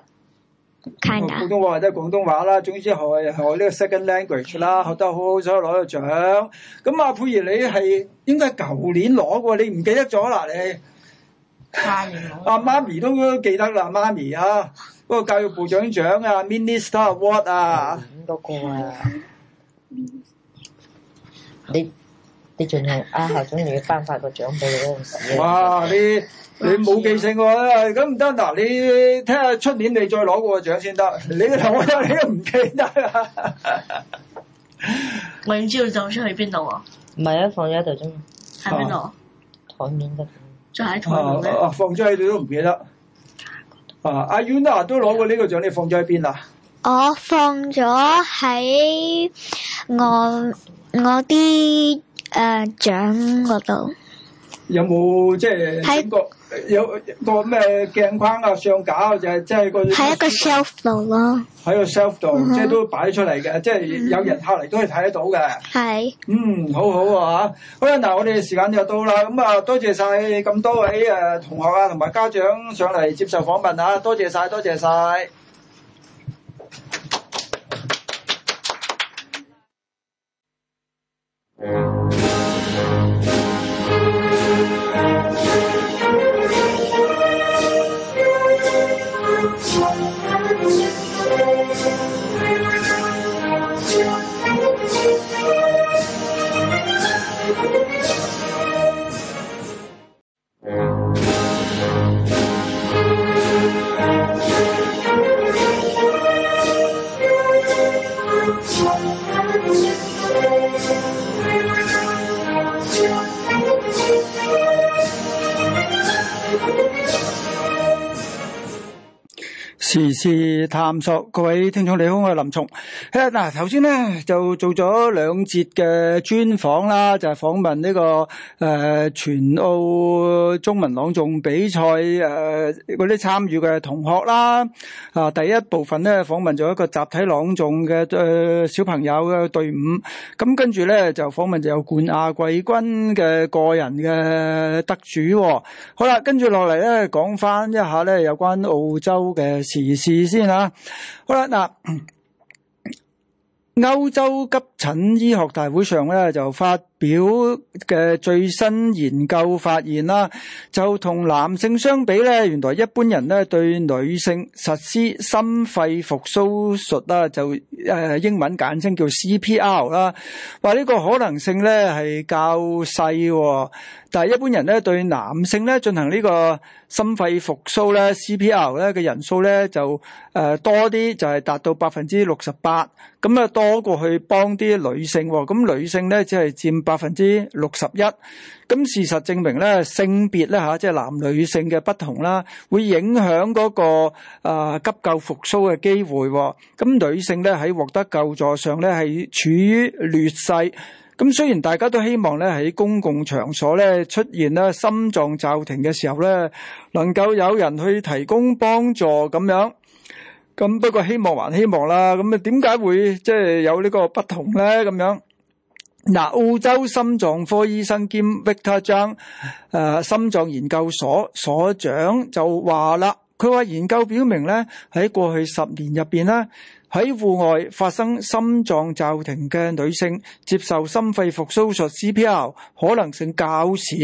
Kind of. 普通話或者廣東話啦，總之學學呢個 second language 啦，學得好，好彩攞到獎。咁、yeah. 啊，佩如，你係應該舊年攞過，你唔記得咗啦？你阿媽咪都記得啦，媽咪啊，嗰個教育部長獎啊，Minister Award 啊？唔得過啊！你仲要阿校長要頒發個獎俾你嗰陣時，哇！你你冇記性喎、啊，咁唔得嗱！你聽下出年你再攞個獎先得。你個頭、啊、 *laughs* 我你都唔記得啦。我知道獎出喺邊度啊？唔係啊，放咗喺度啫。喺邊度？台面嘅。仲喺台度咩？放咗喺度都唔記得。啊！阿、啊、Yuna 都攞過呢個獎，你放咗喺邊啊？我放咗喺我我啲。誒、呃，獎嗰度有冇即係喺個有個咩鏡框啊、相架啊，就係即係個喺一、就是那個、一個 shelf 度咯。喺個 shelf 度、uh-huh，即係都擺出嚟嘅，即係有人客嚟都係睇得到嘅。係、uh-huh。嗯，好好啊吓。好啦，嗱，我哋時間就到啦。咁啊，多謝晒咁多位誒同學啊，同埋家長上嚟接受訪問吓，多謝晒，多謝晒。探索各位聽眾你好，我係林松。誒嗱，頭先咧就做咗兩節嘅專訪啦，就係、是、訪問呢、這個誒、呃、全澳中文朗誦比賽誒嗰啲參與嘅同學啦。啊、呃，第一部分咧訪問咗一個集體朗誦嘅誒、呃、小朋友嘅隊伍，咁跟住咧就訪問就有冠亞季軍嘅個人嘅得主、哦。好啦，跟住落嚟咧講翻一下咧有關澳洲嘅時事，事先吓。啊、好啦，嗱、啊，歐洲急診醫學大會上咧就發表嘅最新研究發現啦，就同男性相比咧，原來一般人咧對女性實施心肺復甦術啊，就誒英文簡稱叫 CPR 啦，話呢個可能性咧係較細喎。但係一般人咧對男性咧進行呢個心肺復甦咧 CPR 咧嘅人數咧就誒多啲，就係達到百分之六十八，咁啊多過去幫啲女性，咁女性咧只係佔百。百分之六十一，咁事實證明咧，性別咧吓，即係男女性嘅不同啦，會影響嗰個啊急救復蘇嘅機會。咁女性咧喺獲得救助上咧係處於劣勢。咁雖然大家都希望咧喺公共場所咧出現咧心臟驟停嘅時候咧，能夠有人去提供幫助咁樣，咁不過希望還希望啦。咁啊，點解會即係有呢個不同咧？咁樣？嗱，澳洲心臟科醫生兼 Victor 張誒心臟研究所所長就話啦，佢話研究表明咧，喺過去十年入邊啦，喺戶外發生心臟驟停嘅女性接受心肺復甦術 CPR 可能性較少。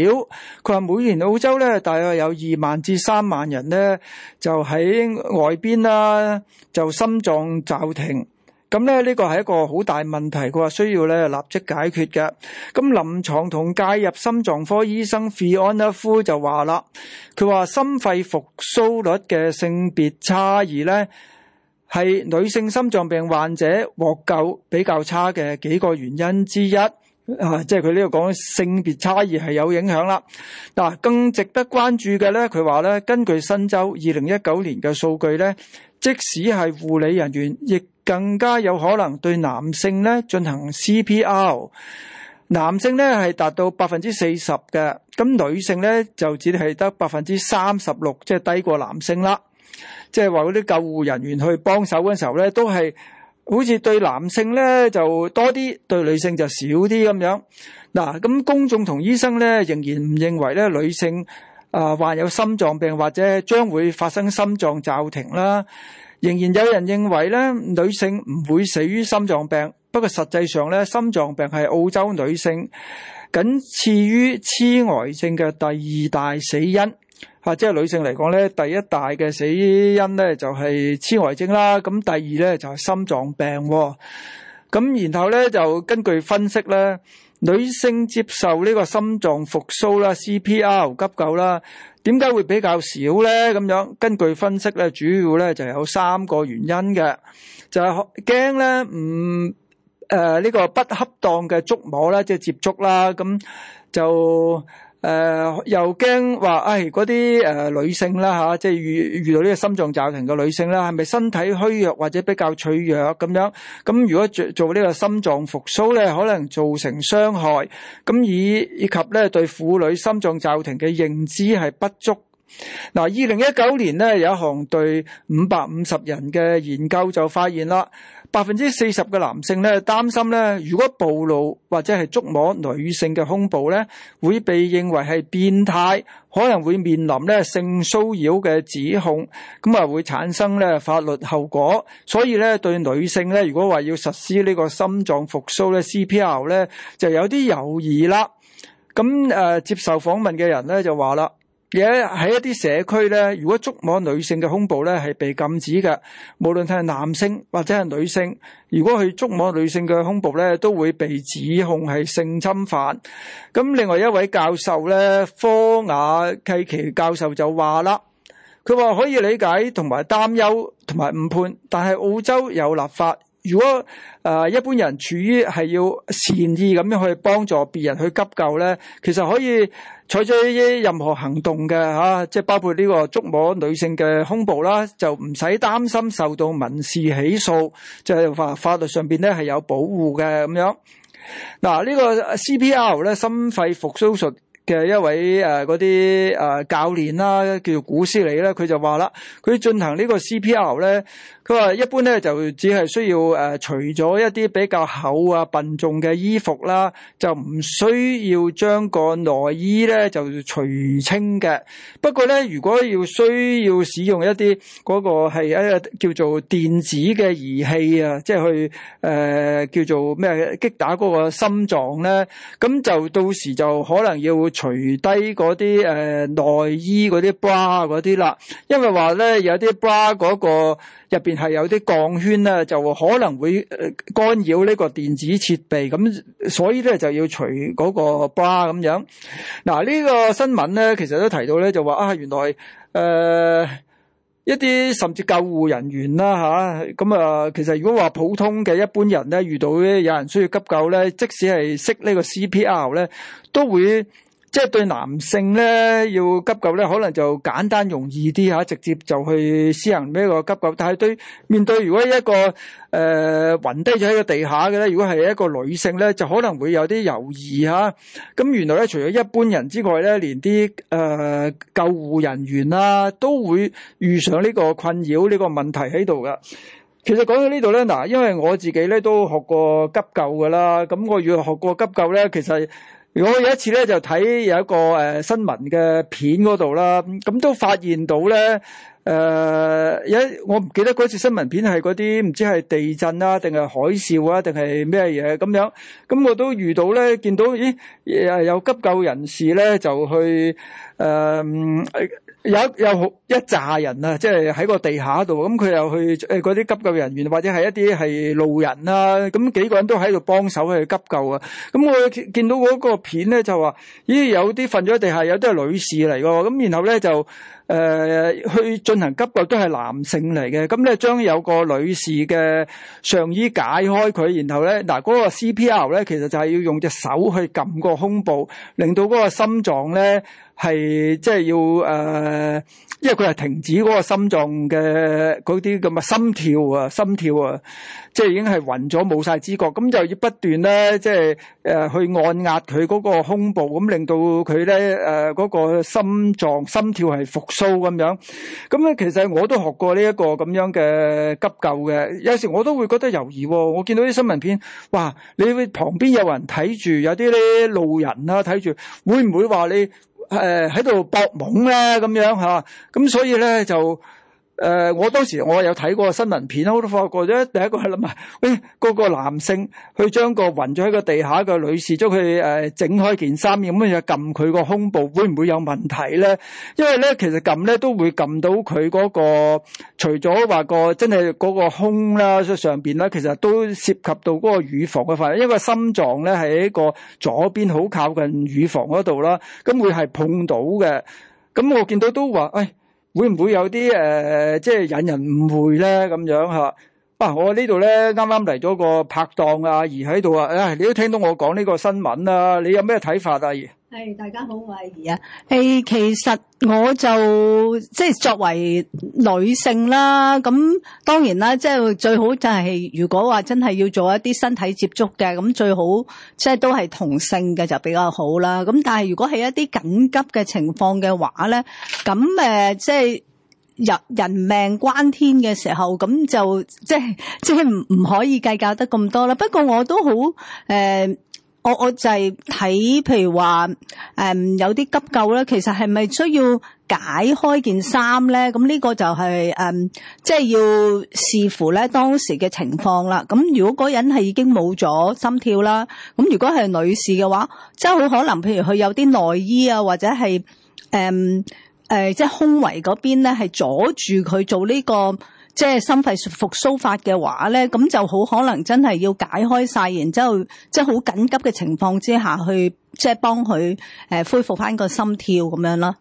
佢話每年澳洲咧大約有二萬至三萬人咧就喺外邊啦就心臟驟停。咁咧，呢個係一個好大問題，佢話需要咧立即解決嘅。咁臨床同介入心臟科醫生 Fiona 夫就話啦，佢話心肺復甦率嘅性別差異咧，係女性心臟病患者獲救比較差嘅幾個原因之一啊。即係佢呢度講性別差異係有影響啦。嗱，更值得關注嘅咧，佢話咧，根據新州二零一九年嘅數據咧，即使係護理人員亦更加有可能對男性咧進行 CPR，男性咧係達到百分之四十嘅，咁女性咧就只係得百分之三十六，即係低過男性啦。即係話嗰啲救護人員去幫手嗰時候咧，都係好似對男性咧就多啲，對女性就少啲咁樣。嗱，咁公眾同醫生咧仍然唔認為咧女性啊患有心臟病或者將會發生心臟驟停啦。仍然有人認為咧，女性唔會死於心臟病。不過實際上咧，心臟病係澳洲女性僅次於癡呆症嘅第二大死因。吓、啊，即係女性嚟講咧，第一大嘅死因咧就係、是、癡呆症啦。咁第二咧就係、是、心臟病、喔。咁、啊、然後咧就根據分析咧，女性接受呢個心臟復蘇啦、啊、CPR 急救啦。點解會比較少咧？咁樣根據分析咧，主要咧就有三個原因嘅，就係驚咧唔誒呢個不恰當嘅觸摸啦，即係接觸啦，咁就。誒、呃，又驚話，誒嗰啲誒女性啦吓、啊，即係遇遇到呢個心臟驟停嘅女性啦，係咪身體虛弱或者比較脆弱咁樣？咁如果做做呢個心臟復蘇咧，可能造成傷害，咁以以及咧對婦女心臟驟停嘅認知係不足。嗱、啊，二零一九年咧有一項對五百五十人嘅研究就發現啦。百分之四十嘅男性咧，擔心咧，如果暴露或者係觸摸女性嘅胸部咧，會被認為係變態，可能會面臨咧性騷擾嘅指控，咁啊會產生咧法律後果。所以咧，對女性咧，如果話要實施呢個心臟復甦咧 CPR 咧，就有啲猶豫啦。咁誒、呃，接受訪問嘅人咧就話啦。而喺一啲社區咧，如果觸摸女性嘅胸部咧，係被禁止嘅。無論係男性或者係女性，如果去觸摸女性嘅胸部咧，都會被指控係性侵犯。咁另外一位教授咧，科雅契奇教授就話啦，佢話可以理解同埋擔憂同埋誤判，但係澳洲有立法。如果誒、呃、一般人處於係要善意咁樣去幫助別人去急救咧，其實可以採取一任何行動嘅、啊、即係包括呢個觸摸女性嘅胸部啦，就唔使擔心受到民事起訴，即、就、係、是、法法律上面咧係有保護嘅咁樣。嗱、啊，呢、這個 CPR 咧心肺復蘇術嘅一位嗰啲誒教練啦，叫做古斯里咧，佢就話啦，佢進行呢個 CPR 咧。佢話一般咧就只係需要誒除咗一啲比較厚啊笨重嘅衣服啦，就唔需要將個內衣咧就除清嘅。不過咧，如果要需要使用一啲嗰、嗰個係一個叫做電子嘅儀器啊，即係去誒、呃、叫做咩擊打嗰個心臟咧，咁就到時就可能要除低嗰啲誒內衣嗰啲 bra 嗰啲啦，因為話咧有啲 bra 嗰、嗰個。入面係有啲鋼圈咧，就可能會誒干擾呢個電子設備，咁所以咧就要除嗰個 bra 咁樣。嗱、啊，呢、呢個新聞咧，其實都提到咧，就話啊，原來誒、呃、一啲甚至救護人員啦吓，咁啊，其實如果話普通嘅一般人咧，遇到有人需要急救咧，即使係識呢個 CPR 咧，都會。即係對男性咧要急救咧，可能就簡單容易啲吓、啊，直接就去施行呢個急救。但係對面對如果一個誒暈低咗喺個地下嘅咧，如果係一個女性咧，就可能會有啲猶豫吓。咁、啊啊、原來咧，除咗一般人之外咧，連啲誒、呃、救護人員啦、啊、都會遇上呢個困擾呢、呢個問題喺度噶。其實講到呢度咧，嗱，因為我自己咧都學過急救噶啦，咁我要學學過急救咧，其實。我有一次咧就睇有一個、呃、新聞嘅片嗰度啦，咁都發現到咧誒，一、呃、我唔記得嗰次新聞片係嗰啲唔知係地震啊，定係海嘯啊，定係咩嘢咁樣？咁我都遇到咧，見到咦，有急救人士咧就去誒。呃有有好一紮人啊，即係喺個地下度，咁佢又去誒嗰啲急救人員或者係一啲係路人啊。咁幾個人都喺度幫手去急救啊。咁我見到嗰個片咧就話，咦，有啲瞓咗喺地下，有啲係女士嚟噶，咁然後咧就。誒、呃，去進行急救都係男性嚟嘅，咁咧將有個女士嘅上衣解開佢，然後咧嗱嗰個 CPR 咧，其實就係要用隻手去撳個胸部，令到嗰個心臟咧係即係要誒、呃，因為佢係停止嗰個心臟嘅嗰啲咁嘅心跳啊，心跳啊。即係已經係暈咗冇晒知覺，咁就要不斷咧，即係誒去按壓佢嗰個胸部，咁令到佢咧誒嗰個心臟心跳係復甦咁樣。咁咧其實我都學過呢一個咁樣嘅急救嘅，有時我都會覺得猶豫、哦。我見到啲新聞片，哇！你會旁邊有人睇住，有啲咧路人啦睇住，會唔會話你誒喺度搏懵咧咁樣嚇？咁、啊、所以咧就。誒、呃，我當時我有睇過新聞片我都發覺咧，第一個係諗埋，誒、哎、嗰個男性去將個暈咗喺個地下嘅女士將佢、呃、整開件衫咁樣就撳佢個胸部，會唔會有問題呢？因為呢，其實撳呢都會撳到佢嗰、嗰個，除咗話個真係嗰個胸啦，上邊啦，其實都涉及到嗰個乳房嘅塊。因為心臟呢係一個左邊好靠近乳房嗰度啦，咁、嗯、會係碰到嘅。咁、嗯、我見到都話，誒、哎。會唔會有啲誒、呃、即係引人誤會咧咁樣吓？我呢度咧，啱啱嚟咗個拍檔阿怡喺度啊，唉，你都聽到我講呢個新聞啦，你有咩睇法，阿怡？誒，大家好，我係阿怡啊。誒，其實我就即係作為女性啦，咁當然啦，即係最好就係如果話真係要做一啲身體接觸嘅，咁最好即係都係同性嘅就比較好啦。咁但係如果係一啲緊急嘅情況嘅話咧，咁誒即係。人人命關天嘅時候，咁就即係即係唔唔可以計較得咁多啦。不過我都好誒，我我就係睇，譬如話誒、呃、有啲急救咧，其實係咪需要解開件衫咧？咁呢個就係、是、誒，即、呃、係、就是、要視乎咧當時嘅情況啦。咁如果嗰人係已經冇咗心跳啦，咁如果係女士嘅話，即係好可能，譬如佢有啲內衣啊，或者係誒。呃誒、呃，即係胸圍嗰邊咧，係阻住佢做呢、呢個即係心肺復甦法嘅話咧，咁就好可能真係要解開晒，然之後即係好緊急嘅情況之下去即係幫佢誒恢復翻個心跳咁樣囉。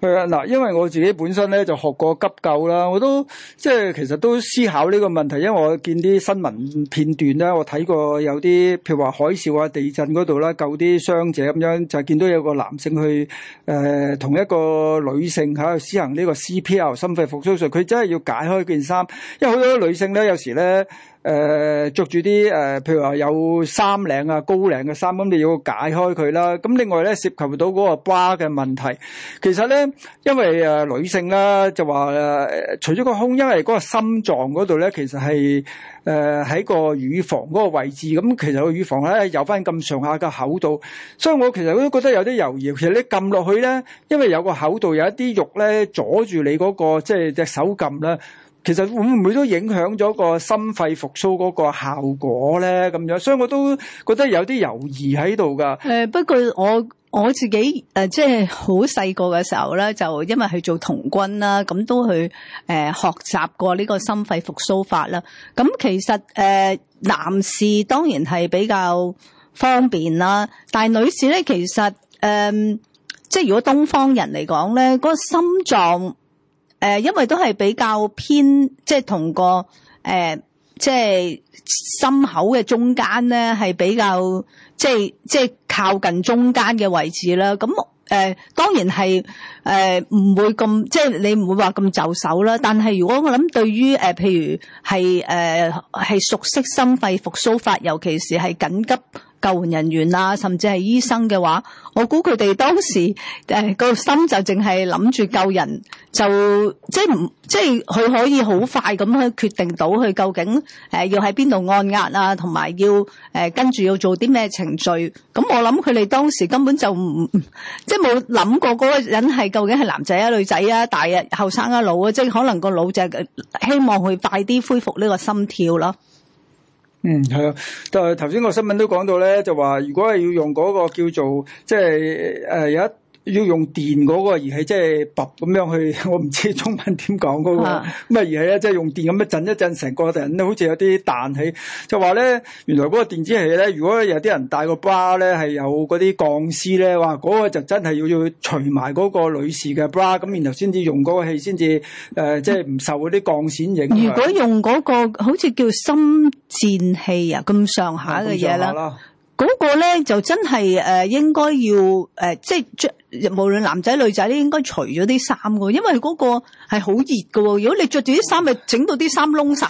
嗱、啊，因為我自己本身咧就學過急救啦，我都即係其實都思考呢個問題，因為我見啲新聞片段咧，我睇過有啲譬如話海嘯啊、地震嗰度啦，救啲傷者咁樣，就係見到有個男性去誒、呃、同一個女性喺度、啊、施行呢個 CPR 心肺復甦術，佢真係要解開件衫，因為好多女性咧有時咧。誒著住啲誒，譬如話有衫領啊、高領嘅衫，咁你要解開佢啦。咁另外咧，涉及到嗰個 bra 嘅問題，其實咧，因為誒女性咧就話誒，除咗個胸，因為嗰個心臟嗰度咧，其實係誒喺個乳房嗰個位置，咁其實個乳房咧有翻咁上下嘅厚度，所以我其實我都覺得有啲猶豫。其實你撳落去咧，因為有個厚度有一啲肉咧阻住你嗰個即係隻手撳啦。其實會唔會都影響咗個心肺復甦嗰個效果咧？咁樣，所以我都覺得有啲猶豫喺度㗎。誒，不過我我自己誒、呃，即係好細個嘅時候咧，就因為去做童軍啦，咁都去誒、呃、學習過呢個心肺復甦法啦。咁其實誒、呃，男士當然係比較方便啦，但係女士咧，其實誒、呃，即係如果東方人嚟講咧，嗰個心臟。誒，因為都係比較偏，即係同個誒，即係心口嘅中間咧，係比較即係即係靠近中間嘅位置啦。咁誒，當然係誒唔會咁，即係你唔會話咁就手啦。但係如果我諗，對於誒譬如係誒係熟悉心肺復甦法，尤其是係緊急救援人員啊，甚至係醫生嘅話，我估佢哋當時誒個心就淨係諗住救人，就即唔即係佢可以好快咁去決定到佢究竟誒要喺邊度按壓啊，同埋要誒跟住要做啲咩程序。咁我諗佢哋當時根本就唔即冇諗過嗰個人係究竟係男仔啊、女仔啊、大啊、後生啊、老啊，即係可能個腦就係希望佢快啲恢復呢個心跳咯。嗯，係啊，但係頭先個新聞都講到咧，就話如果係要用嗰個叫做即係誒，有、就是呃、一。要用電嗰個儀器，而係即係拔咁樣去，我唔知中文點講嗰個，咁、啊、儀器，而係咧即係用電咁樣震一震，成個人好似有啲彈起。就話咧，原來嗰個電子器咧，如果有啲人戴個 bra 咧係有嗰啲鋼絲咧，話、那、嗰個就真係要要除埋嗰個女士嘅 bra，咁然後先至用嗰個器，先至即係唔受嗰啲鋼線影響。如果用嗰、那個好似叫心顫器啊咁上下嘅嘢啦嗰、那個呢就真係誒、呃、應該要誒、呃、即係無論男仔女仔咧應該除咗啲衫嘅，因為嗰個係好熱嘅喎。如果你著住啲衫，咪整到啲衫窿曬。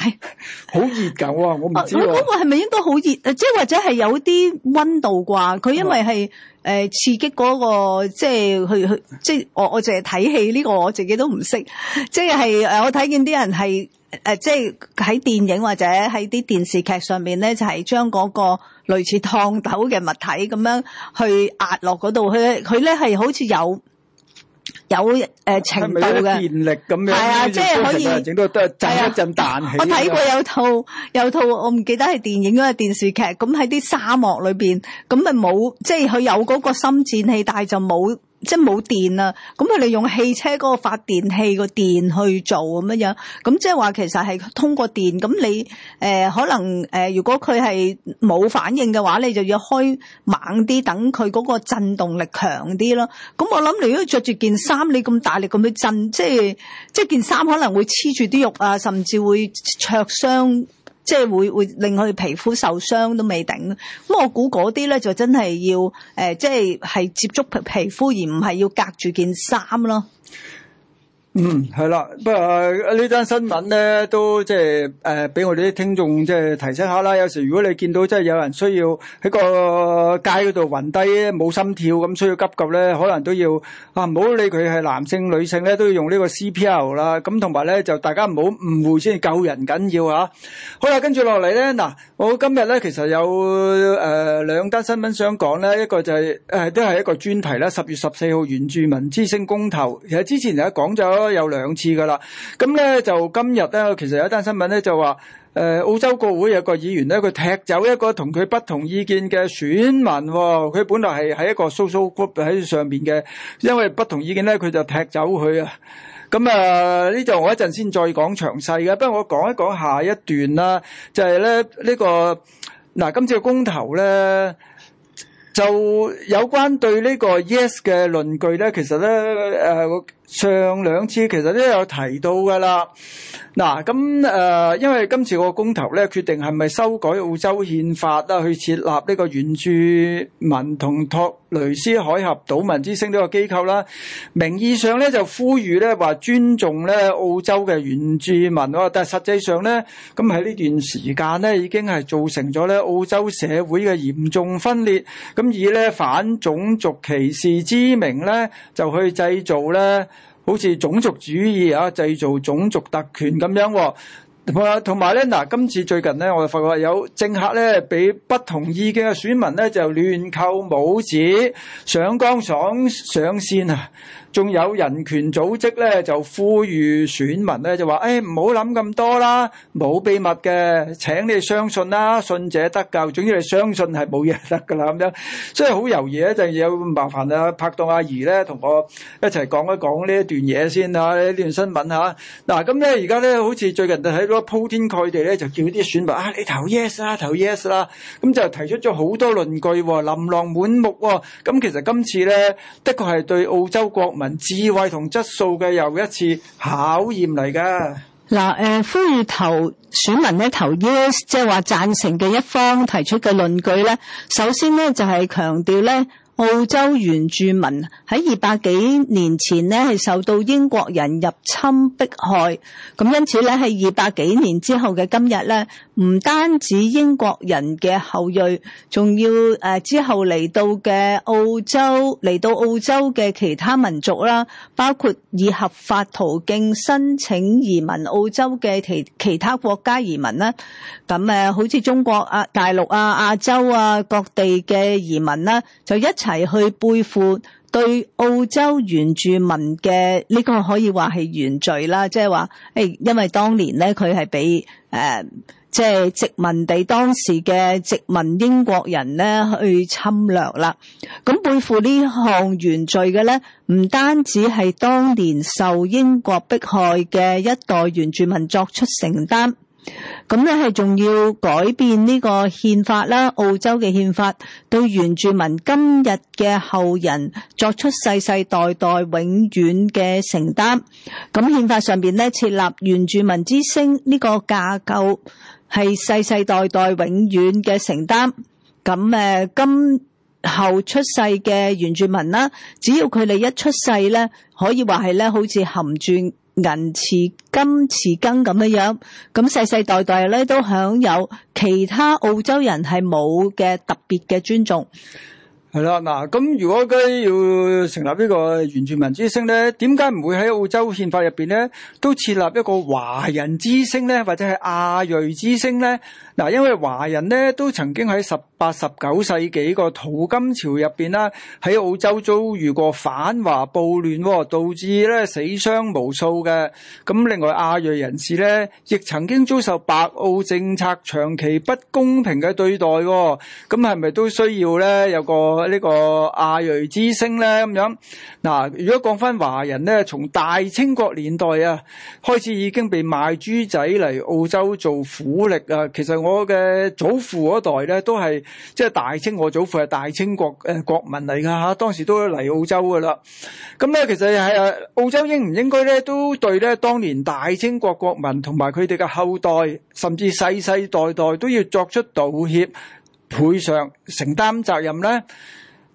好熱㗎、啊啊，啊！我唔知喎。嗰個係咪應該好熱？即係或者係有啲溫度啩？佢因為係、呃、刺激嗰、那個，即係去即係我我淨係睇戲呢、這個我自己都唔識，即係我睇見啲人係。誒、呃，即係喺電影或者喺啲電視劇上面咧，就係將嗰個類似燙斗嘅物體咁樣去壓落嗰度，佢佢咧係好似有有誒、呃、程度嘅電力咁樣，係啊，即、就、係、是、可以整一陣彈氣。我睇過有套有套，我唔記得係電影嗰、那個電視劇，咁喺啲沙漠裏邊，咁咪冇，即係佢有嗰個心戰器，但係就冇。即係冇電啦，咁佢哋用汽車嗰個發電器個電去做咁樣，咁即係話其實係通過電。咁你誒、呃、可能誒、呃，如果佢係冇反應嘅話，你就要開猛啲，等佢嗰個震動力強啲咯。咁我諗你如果着住件衫，你咁大力咁去震，即係即係件衫可能會黐住啲肉啊，甚至會灼傷。即係會會令佢皮膚受傷都未定，咁我估嗰啲咧就真係要誒，即係係接觸皮皮膚而唔係要隔住件衫咯。嗯，係啦，不過呢單新聞咧，都即係誒，俾我哋啲聽眾即係提醒下啦。有時如果你見到即係有人需要喺個街嗰度暈低，冇心跳咁需要急救咧，可能都要啊，唔好理佢係男性女性咧，都要用呢個 CPR 啦。咁同埋咧，就大家唔好誤會先，救人緊要啊。好啦，跟住落嚟咧，嗱，我今日咧其實有誒兩單新聞想講咧，一個就係誒都係一個專題啦。十月十四號原住民之聲公投，其實之前就講咗。都有兩次噶啦，咁咧就今日咧，其實有一單新聞咧就話，誒澳洲國會有個議員咧，佢踢走一個同佢不同意見嘅選民，佢本來係喺一個 social group 喺上邊嘅，因為不同意見咧，佢就踢走佢啊。咁啊，呢就我一陣先再講詳細嘅，不過我講一講下一段啦，就係咧呢個嗱今次嘅公投咧，就有關對呢個 yes 嘅論據咧，其實咧誒。上兩次其實都有提到噶啦，嗱咁誒，因為今次個公投咧決定係咪修改澳洲憲法啊，去設立呢個原住民同托雷斯海峽島民之聲呢個機構啦，名義上咧就呼籲咧話尊重咧澳洲嘅原住民喎，但係實際上咧咁喺呢段時間咧已經係造成咗咧澳洲社會嘅嚴重分裂，咁以咧反種族歧視之名咧就去製造咧。好似種族主義啊，製造種族特權咁樣喎，同埋呢，咧嗱，今次最近咧，我就發覺有政客咧，俾不同意嘅選民咧，就亂扣帽子、上綱、上上線啊！仲有人權組織咧就呼籲選民咧就話，誒唔好諗咁多啦，冇秘密嘅，請你哋相信啦，信者得救。總之你相信係冇嘢得㗎啦。咁樣，所以好猶豫一陣嘢，麻煩啊，拍檔阿怡咧同我一齊講一講呢一段嘢先啦，呢段新聞嚇。嗱，咁咧而家咧好似最近就喺度鋪天蓋地咧就叫啲選民啊，你投 yes 啦，投 yes 啦。咁就提出咗好多論據喎，琳琅滿目喎。咁其實今次咧，的確係對澳洲國民智慧同質素嘅又一次考驗嚟噶嗱，誒、呃，呼籲投選民咧投 yes，即係話贊成嘅一方提出嘅論據咧，首先咧就係強調咧。澳洲原住民喺二百幾年前咧，係受到英國人入侵迫害，咁因此咧，係二百幾年之後嘅今日咧，唔單止英國人嘅後裔，仲要誒之後嚟到嘅澳洲嚟到澳洲嘅其他民族啦，包括以合法途徑申請移民澳洲嘅其其他國家移民啦，咁誒好似中國啊大陸啊亞洲啊各地嘅移民啦，就一齊。係去背負對澳洲原住民嘅呢個可以話係原罪啦，即係話誒，因為當年咧佢係俾誒即係殖民地當時嘅殖民英國人咧去侵略啦。咁背負呢項原罪嘅咧，唔單止係當年受英國迫害嘅一代原住民作出承擔。咁呢係仲要改變呢個憲法啦，澳洲嘅憲法對原住民今日嘅後人作出世世代代永遠嘅承擔。咁憲法上邊呢，設立原住民之聲呢個架構，係世世代代永遠嘅承擔。咁誒，今後出世嘅原住民啦，只要佢哋一出世呢，可以話係呢好似含住。銀匙金匙羹咁嘅樣，咁世世代代咧都享有其他澳洲人係冇嘅特別嘅尊重。係啦，嗱，咁如果佢要成立呢個原住民之聲咧，點解唔會喺澳洲憲法入邊咧都設立一個華人之聲咧，或者係亞裔之聲咧？嗱，因為華人咧都曾經喺十八十九世紀個淘金潮入邊啦，喺澳洲遭遇過反華暴亂，導致咧死傷無數嘅。咁另外亞裔人士咧，亦曾經遭受白澳政策長期不公平嘅對待。咁係咪都需要咧有個呢個亞裔之聲？咧咁樣，嗱，如果講翻華人咧，從大清國年代啊開始已經被賣豬仔嚟澳洲做苦力啊，其實。我嘅祖父嗰代咧，都係即係大清，我祖父係大清國誒、呃、國民嚟噶吓，當時都嚟澳洲噶啦。咁咧，其實係澳洲應唔應該咧，都對咧當年大清國國民同埋佢哋嘅後代，甚至世世代代都要作出道歉、賠償、承擔責任咧？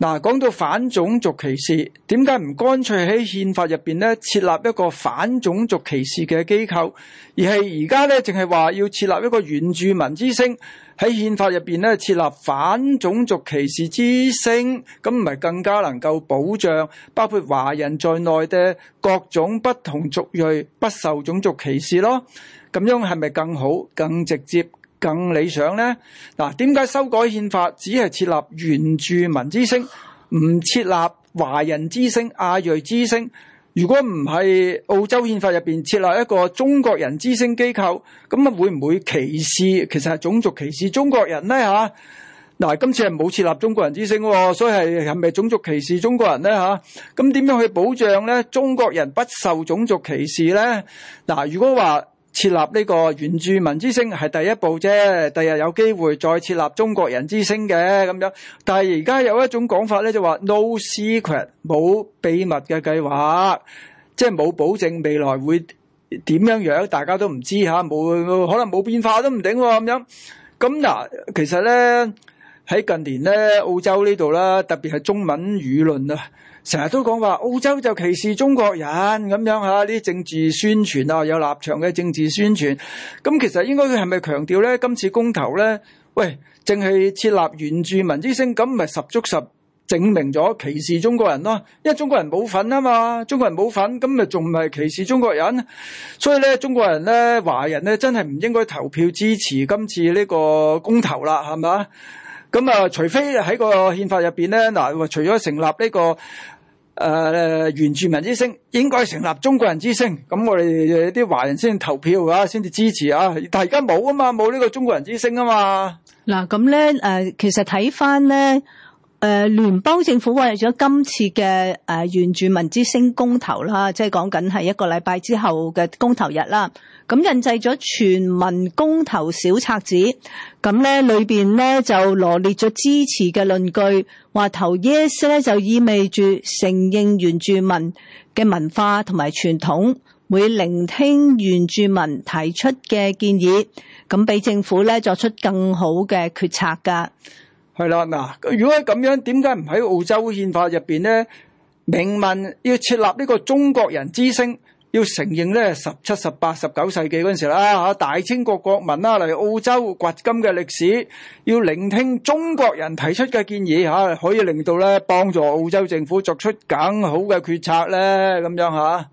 嗱，講到反種族歧視，點解唔乾脆喺憲法入邊咧設立一個反種族歧視嘅機構，而係而家咧淨係話要設立一個原住民之聲，喺憲法入邊咧設立反種族歧視之聲，咁唔係更加能夠保障包括華人在內嘅各種不同族裔不受種族歧視咯？咁樣，係咪更好、更直接？更理想呢？嗱，點解修改憲法只係設立原住民之聲，唔設立華人之聲、亞裔之聲？如果唔係澳洲憲法入邊設立一個中國人之聲機構，咁啊會唔會歧視？其實係種族歧視中國人呢？嗱、啊，今次係冇設立中國人之聲喎，所以係係咪種族歧視中國人呢？嚇、啊？咁點樣去保障呢？中國人不受種族歧視呢？嗱、啊，如果話，設立呢個原住民之星係第一步啫，第日有機會再設立中國人之星嘅咁樣。但係而家有一種講法咧，就話 no secret 冇秘密嘅計劃，即係冇保證未來會點樣樣，大家都唔知吓，冇可能冇變化都唔定喎咁樣。咁嗱，其實咧喺近年咧澳洲呢度啦，特別係中文輿論啊。成日都講話澳洲就歧視中國人咁樣嚇，啲政治宣傳啊，有立場嘅政治宣傳。咁其實應該佢係咪強調咧？今次公投咧，喂，淨係設立原住民之聲，咁咪十足十證明咗歧視中國人咯？因為中國人冇份啊嘛，中國人冇份，咁咪仲係歧視中國人？所以咧，中國人咧，華人咧，真係唔應該投票支持今次呢個公投啦，係咪？咁啊，除非喺個憲法入面咧，嗱，除咗成立呢個。誒、呃，原住民之聲，應該成立中國人之聲，咁我哋啲華人先投票啊，先至支持啊，但係而家冇啊嘛，冇呢個中國人之聲啊嘛。嗱，咁咧誒，其實睇返咧誒，呃、聯邦政府為咗今次嘅誒、呃、原住民之聲公投啦，即係講緊係一個禮拜之後嘅公投日啦。咁印製咗全民公投小冊子，咁咧裏邊咧就羅列咗支持嘅論據，話投 Yes 咧就意味住承認原住民嘅文化同埋傳統，會聆聽原住民提出嘅建議，咁俾政府咧作出更好嘅決策噶。係啦，嗱，如果係咁樣，點解唔喺澳洲憲法入邊咧明文要設立呢個中國人之聲？要承認咧，十七、十八、十九世紀嗰陣時啦，吓大清國國民啦嚟澳洲掘金嘅歷史，要聆聽中國人提出嘅建議吓，可以令到咧幫助澳洲政府作出更好嘅決策咧，咁樣吓。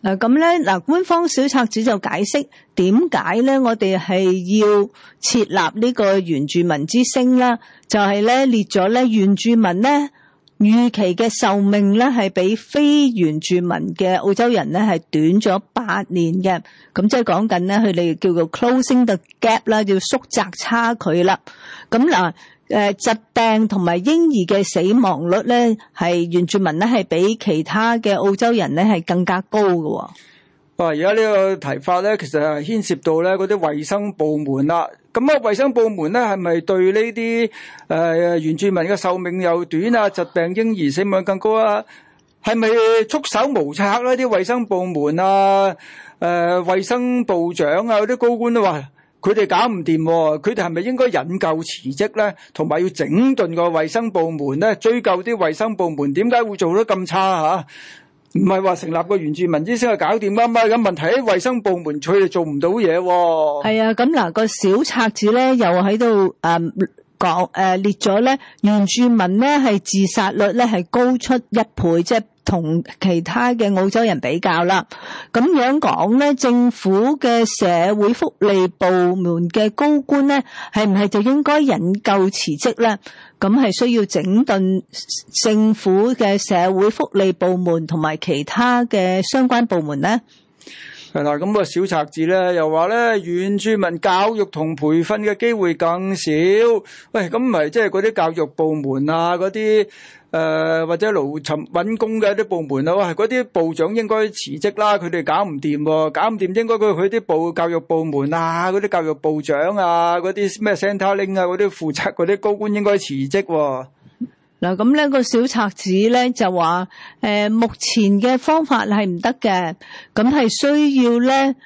嗱，咁咧嗱，官方小冊子就解釋點解咧，我哋係要設立呢個原住民之聲啦，就係咧列咗咧原住民咧。預期嘅壽命咧係比非原住民嘅澳洲人咧係短咗八年嘅，咁即係講緊咧佢哋叫做 closing the gap。咁啊，衛生部門咧係咪對呢啲誒原住民嘅壽命又短啊，疾病、嬰兒死亡更高啊？係咪束手無策咧、啊？啲衛生部門啊，誒、呃，衛生部長啊，嗰啲高官都話佢哋搞唔掂、啊，佢哋係咪應該引咎辭職咧？同埋要整頓個衛生部門咧，追究啲衛生部門點解會做得咁差啊？唔係話成立個原住民之聲就搞掂啦，咁問題喺衛生部門佢哋做唔到嘢。係啊，咁嗱、個小冊子咧又喺度誒講誒列咗咧，原住民咧係自殺率咧係高出一倍即係。就是同其他嘅澳洲人比較啦，咁樣講咧，政府嘅社會福利部門嘅高官咧，係唔係就應該引咎辭職咧？咁係需要整頓政府嘅社會福利部門同埋其他嘅相關部門咧？係啦，咁個小冊子咧又話咧，原住民教育同培訓嘅機會更少。喂，咁咪即係嗰啲教育部門啊，嗰啲。誒或者勞尋揾工嘅啲部門啊，哇！嗰啲部長應該辭職啦，佢哋搞唔掂喎，搞唔掂應該佢佢啲部教育部門啊，嗰啲教育部長啊，嗰啲咩聖塔拎啊，嗰啲負責嗰啲高官應該辭職喎。嗱，咁咧個小冊子咧就話誒，目前嘅方法係唔得嘅，咁係需要咧。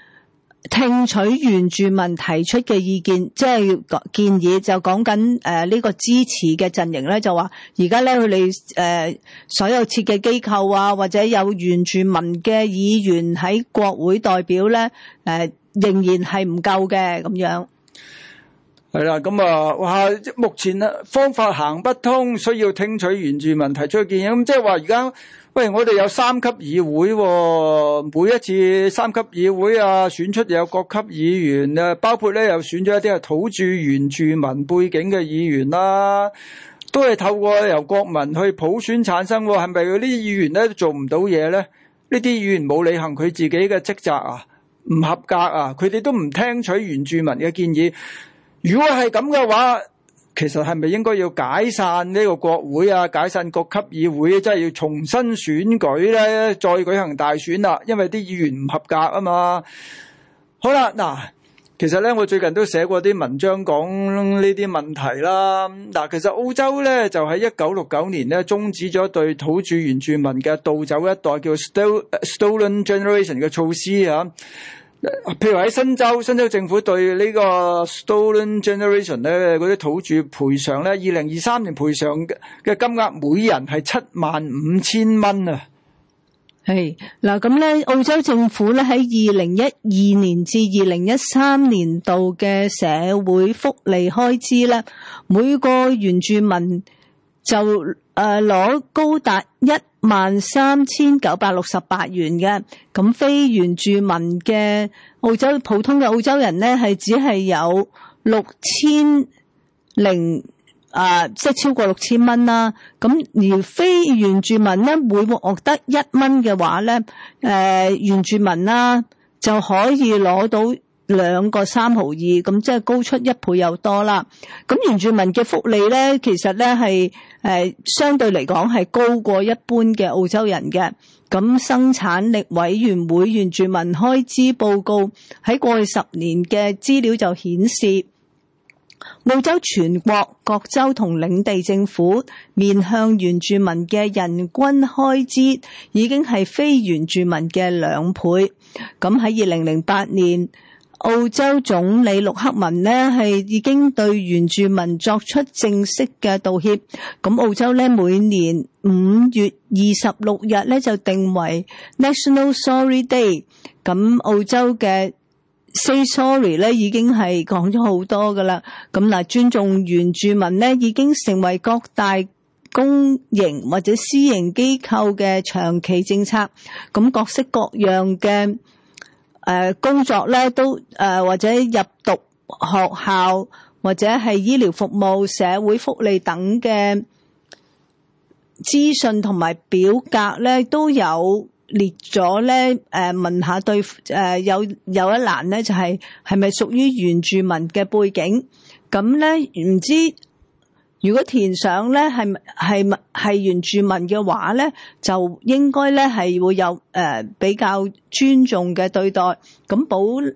聽取原住民提出嘅意見，即係建議，就講緊誒呢個支持嘅陣營咧，就話而家咧佢哋誒所有設計機構啊，或者有原住民嘅議員喺國會代表咧，誒仍然係唔夠嘅咁樣。係啦，咁啊，哇，目前啊方法行不通，需要聽取原住民提出嘅建議，咁即係話而家。喂，我哋有三級議會喎，每一次三級議會啊，選出有各級議員啊，包括咧又選咗一啲係土著原住民背景嘅議員啦，都係透過由國民去普選產生喎，係咪佢啲議員咧做唔到嘢咧？呢啲議員冇履行佢自己嘅職責啊，唔合格啊，佢哋都唔聽取原住民嘅建議。如果係咁嘅話。其實係咪應該要解散呢個國會啊？解散各級議會，即係要重新選舉咧，再舉行大選啦。因為啲議員唔合格啊嘛。好啦，嗱，其實咧，我最近都寫過啲文章講呢啲問題啦。嗱，其實澳洲咧就喺一九六九年咧終止咗對土著原住民嘅盜走一代叫 Stolen Generation 嘅措施啊。譬如喺新州，新州政府對呢個 Stolen Generation 咧，嗰啲土著賠償咧，二零二三年賠償嘅金額每人係七萬五千蚊啊。係嗱，咁咧澳洲政府咧喺二零一二年至二零一三年度嘅社會福利開支咧，每個原住民。就誒攞、呃、高達一萬三千九百六十八元嘅咁，非原住民嘅，澳洲普通嘅澳洲人咧，係只係有六千零啊，即係超過六千蚊啦。咁而非原住民咧，每獲得一蚊嘅話咧，誒、呃、原住民啦就可以攞到。兩個三毫二，咁即係高出一倍又多啦。咁原住民嘅福利呢，其實呢係誒相對嚟講係高過一般嘅澳洲人嘅。咁生產力委員會原住民開支報告喺過去十年嘅資料就顯示，澳洲全國各州同領地政府面向原住民嘅人均開支已經係非原住民嘅兩倍。咁喺二零零八年。澳洲總理陸克文呢係已經對原住民作出正式嘅道歉。咁澳洲呢每年五月二十六日呢就定為 National Sorry Day。咁澳洲嘅 Say Sorry 呢已經係講咗好多噶啦。咁嗱，尊重原住民呢已經成為各大公營或者私營機構嘅長期政策。咁各式各樣嘅。誒，工作咧都誒，或者入讀學校或者係醫療服務、社會福利等嘅資訊同埋表格咧，都有列咗咧。誒，問下對誒，有有一欄咧就係係咪屬於原住民嘅背景？咁咧唔知。如果填上呢係係係原住民嘅話呢，就應該呢係會有誒比較尊重嘅對待，咁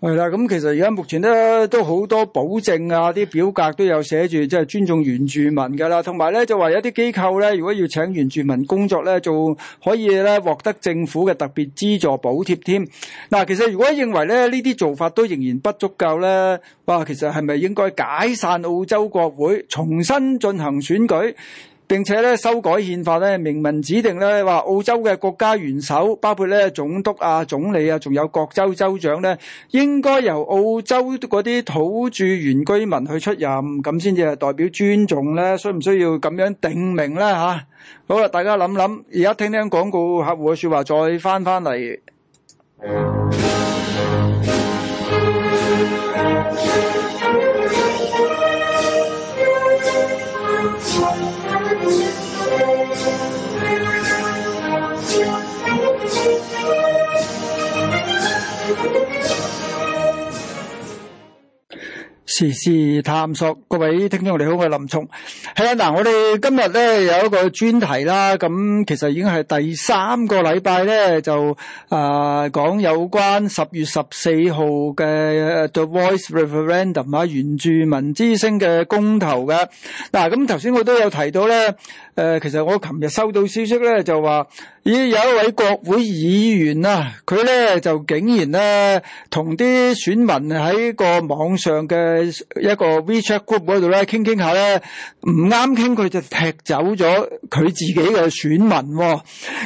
係、嗯、啦，咁其實而家目前咧都好多保證啊，啲表格都有寫住即係尊重原住民噶啦，同埋咧就話有啲機構咧如果要請原住民工作咧，就可以咧獲得政府嘅特別資助補貼添。嗱、啊，其實如果認為咧呢啲做法都仍然不足夠咧，哇，其實係咪應該解散澳洲國會，重新進行選舉？並且咧修改憲法咧，明文指定咧話澳洲嘅國家元首，包括咧總督啊、總理啊，仲有各州州長咧，應該由澳洲嗰啲土著原居民去出任，咁先至係代表尊重咧。需唔需要咁樣定名咧嚇？好啦，大家諗諗，而家聽聽廣告客戶嘅説話，再翻翻嚟。時事探索，各位聽眾你好，我係林聰。係啊，嗱，我哋今日咧有一個專題啦，咁其實已經係第三個禮拜咧，就啊講有關十月十四號嘅 The Voice Referendum 啊，原住民之聲嘅公投嘅。嗱，咁頭先我都有提到咧。誒、呃，其實我琴日收到消息咧，就話咦，有一位國會議員啊，佢咧就竟然咧同啲選民喺個網上嘅一個 WeChat group 度咧傾傾下咧，唔啱傾，佢就踢走咗佢自己嘅選民、哦。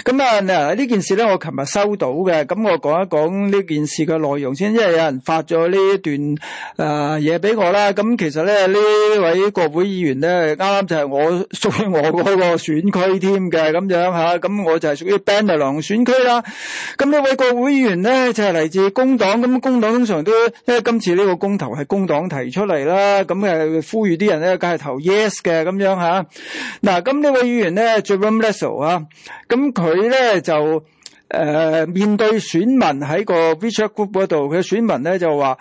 咁、嗯、啊，呢、嗯、件事咧我琴日收到嘅，咁我講一講呢件事嘅內容先，因為有人發咗呢一段誒嘢俾我啦。咁其實咧呢這位國會議員咧，啱啱就係我屬於我嗰、那。個個選區添嘅咁樣吓，咁、啊、我就係屬於 Bennelong 選區啦。咁呢位國會議員咧就係、是、嚟自工黨，咁、嗯、工黨通常都因為今次呢個公投係工黨提出嚟啦，咁、嗯、誒呼籲啲人咧梗係投 Yes 嘅咁樣吓。嗱，咁呢位議員咧，Jerome Laxale 啊，咁佢咧就誒、呃、面對選民喺個 WeChat group 嗰度，佢嘅選民咧就話，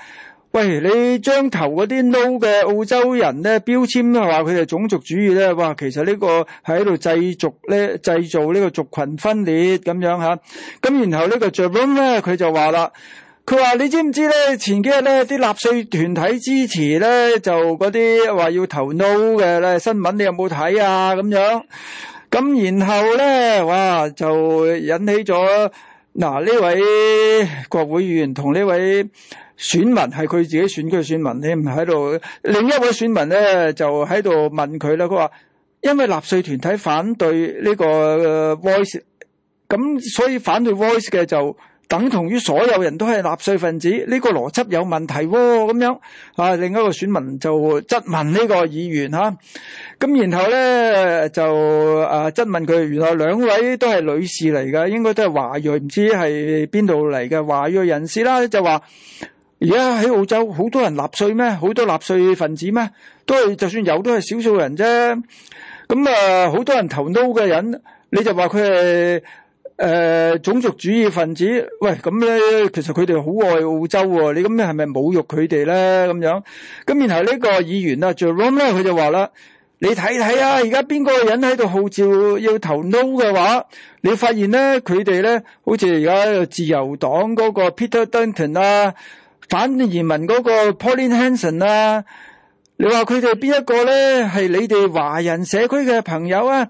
喂，你將投嗰啲 No 嘅澳洲人咧標籤話佢哋種族主義咧，哇！其實呢個喺度製造咧製造呢個族群分裂咁樣吓，咁、啊、然後個呢個 Jarron 咧佢就話啦，佢話你知唔知咧前幾日咧啲納粹團體支持咧就嗰啲話要投 No 嘅咧新聞你有冇睇啊咁樣？咁然後咧哇就引起咗。嗱，呢位國會議員同呢位選民係佢自己選區嘅選民，你唔喺度，另一位選民咧就喺度問佢啦。佢話：因為納稅團體反對呢個 voice，咁所以反對 voice 嘅就。等同於所有人都係納稅分子，呢、這個邏輯有問題喎、哦、咁樣啊！另一個選民就質問呢個議員咁、啊、然後咧就、啊、質問佢，原來兩位都係女士嚟㗎，應該都係華裔，唔知係邊度嚟嘅華裔人士啦，就話而家喺澳洲好多人納稅咩？好多納稅分子咩？都係就算有都係少數人啫。咁啊，好多人投 no 嘅人，你就話佢係。誒、呃、種族主義分子，喂，咁咧，其實佢哋好愛澳洲喎、哦，你咁係咪侮辱佢哋咧？咁樣，咁然後呢個議員啊 Jerome 咧，佢就話啦，你睇睇啊，而家邊個人喺度號召要投 No 嘅話，你發現咧，佢哋咧，好似而家自由黨嗰個 Peter Dutton 啦，反移民嗰個 Pauline Hanson 啦、啊，你話佢哋邊一個咧係你哋華人社區嘅朋友啊？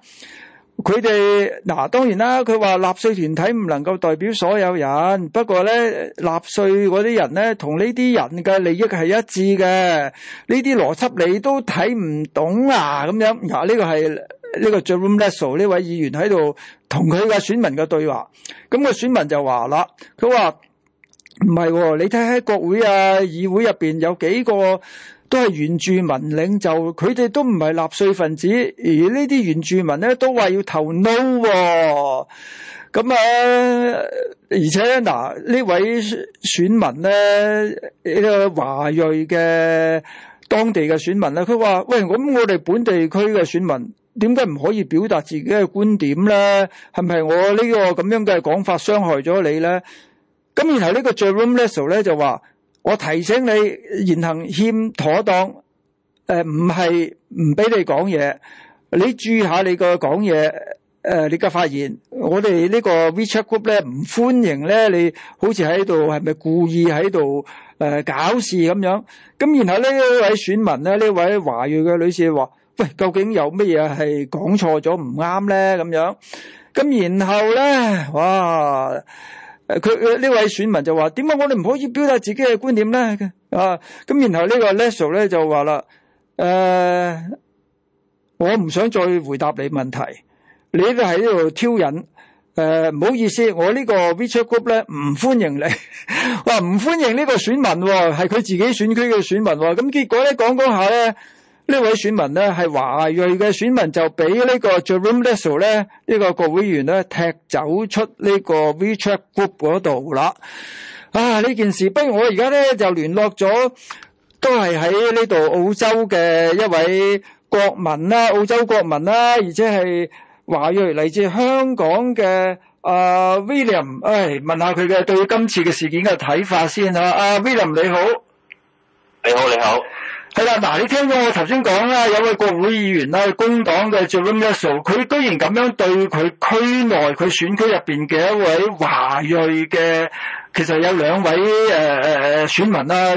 佢哋嗱，當然啦，佢話納稅團體唔能夠代表所有人。不過咧，納稅嗰啲人咧，同呢啲人嘅利益係一致嘅。呢啲邏輯你都睇唔懂啊？咁樣嗱，呢、這個係呢、這個 Jeremy Lassau 呢位議員喺度同佢嘅選民嘅對話。咁、嗯，那個選民就話啦，佢話唔係喎，你睇喺國會啊議會入邊有幾個。都係原住民領袖，佢哋都唔係納稅分子，而呢啲原住民咧都話要投 no，咁、哦、啊，而且嗱呢、啊、位選民咧呢個華裔嘅當地嘅選民啦，佢話喂，咁我哋本地區嘅選民點解唔可以表達自己嘅觀點咧？係咪我呢個咁樣嘅講法傷害咗你咧？咁然後個呢個 Jerome Leslie 就話。我提醒你言行欠妥當，誒唔係唔俾你講嘢，你注意下你個講嘢，誒你嘅發言。我哋呢個 WeChat group 咧唔歡迎咧，你好似喺度係咪故意喺度誒搞事咁樣？咁然後咧呢位選民咧呢位華裔嘅女士話：喂，究竟有乜嘢係講錯咗唔啱咧？咁樣，咁然後咧，哇！誒、呃，佢呢位選民就話：點解我哋唔可以表達自己嘅觀點咧？啊，咁然後這個呢個 Leslie 咧就話啦：誒、呃，我唔想再回答你問題，你呢個喺度挑釁。誒、呃，唔好意思，我這個呢個 WeChat group 咧唔歡迎你，話唔歡迎呢個選民、哦，係佢自己選區嘅選民、哦。咁結果咧講嗰下咧。呢位選民咧係華裔嘅選民就這個呢，就俾呢個 Jeremy Nelson 咧呢個國會議員咧踢走出呢個 WeChat group 嗰度啦。啊，呢件事，不如我而家咧就聯絡咗，都係喺呢度澳洲嘅一位國民啦，澳洲國民啦，而且係華裔嚟自香港嘅啊 William，唉，問下佢嘅對今次嘅事件嘅睇法先啊，William 你好，你好你好。係啦，嗱，你聽咗我頭先講啦，有位國會議員啦，工黨嘅，叫咩咩數，佢居然咁樣對佢區內佢選區入面嘅一位華裔嘅，其實有兩位誒誒、呃、選民啦、啊，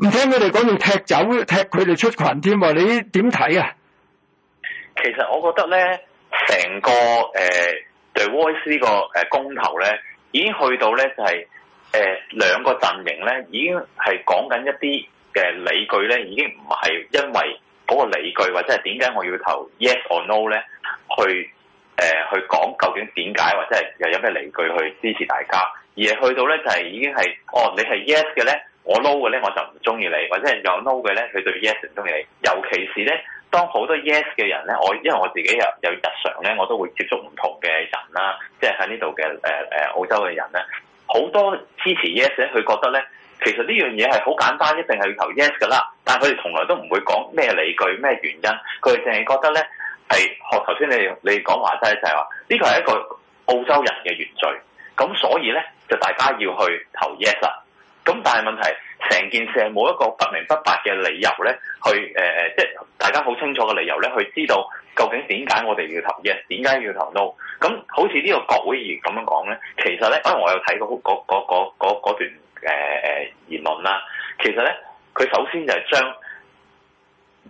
唔聽佢哋講要踢走，踢佢哋出群添喎，你點睇啊？其實我覺得咧，成個誒對、呃、Voice 呢個公投咧，已經去到咧就係、是呃、兩個陣營咧，已經係講緊一啲。嘅理據咧，已經唔係因為嗰個理據，或者係點解我要投 yes or no 咧？去、呃、去講究竟點解，或者係又有咩理據去支持大家，而係去到咧就係、是、已經係哦，你係 yes 嘅咧，我 no 嘅咧，我就唔中意你，或者係有 no 嘅咧，佢對 yes 唔中意你。尤其是咧，當好多 yes 嘅人咧，我因為我自己有有日常咧，我都會接觸唔同嘅人啦、啊，即係喺呢度嘅呃、呃、澳洲嘅人咧、啊，好多支持 yes 咧，佢覺得咧。其實呢樣嘢係好簡單，一定係要投 yes 噶啦。但係佢哋從來都唔會講咩理據、咩原因，佢哋淨係覺得咧，係學頭先你你講話齋就係話呢個係一個澳洲人嘅原罪。咁所以咧就大家要去投 yes 啦。咁但係問題成件事係冇一個不明不白嘅理由咧，去即、呃即係、大家好清楚嘅理由咧，去知道究竟點解我哋要投 yes，點解要投 no？咁好似呢個國會議員咁樣講咧，其實咧，可能我有睇過嗰嗰段。誒、呃、誒移民啦，其實咧，佢首先就係將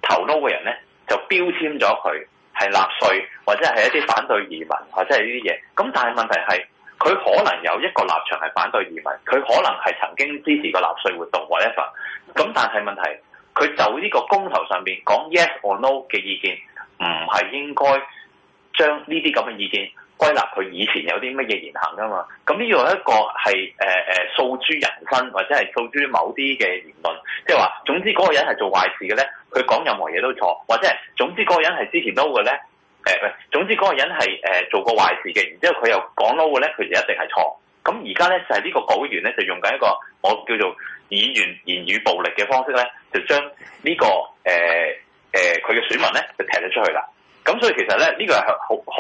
投 n、no、嘅人咧，就標籤咗佢係納稅或者係一啲反對移民或者係呢啲嘢。咁但係問題係，佢可能有一個立場係反對移民，佢可能係曾經支持過納稅活動或 whatever，咁但係問題係，佢就呢個公投上邊講 yes or no 嘅意見，唔係應該將呢啲咁嘅意見。歸納佢以前有啲乜嘢言行噶嘛？咁呢度一個係誒誒訴諸人身或者係訴諸某啲嘅言論，即係話總之嗰個人係做壞事嘅咧，佢講任何嘢都錯，或者係總之嗰個人係之前撈嘅咧，誒、呃、總之嗰個人係、呃、做過壞事嘅，然之後佢又講撈嘅咧，佢就一定係錯。咁而家咧就係呢個國會議員咧就用緊一個我叫做議員言，言語暴力嘅方式咧，就將呢個誒佢嘅選民咧就踢咗出去啦。咁所以其實咧，呢、呢個係好好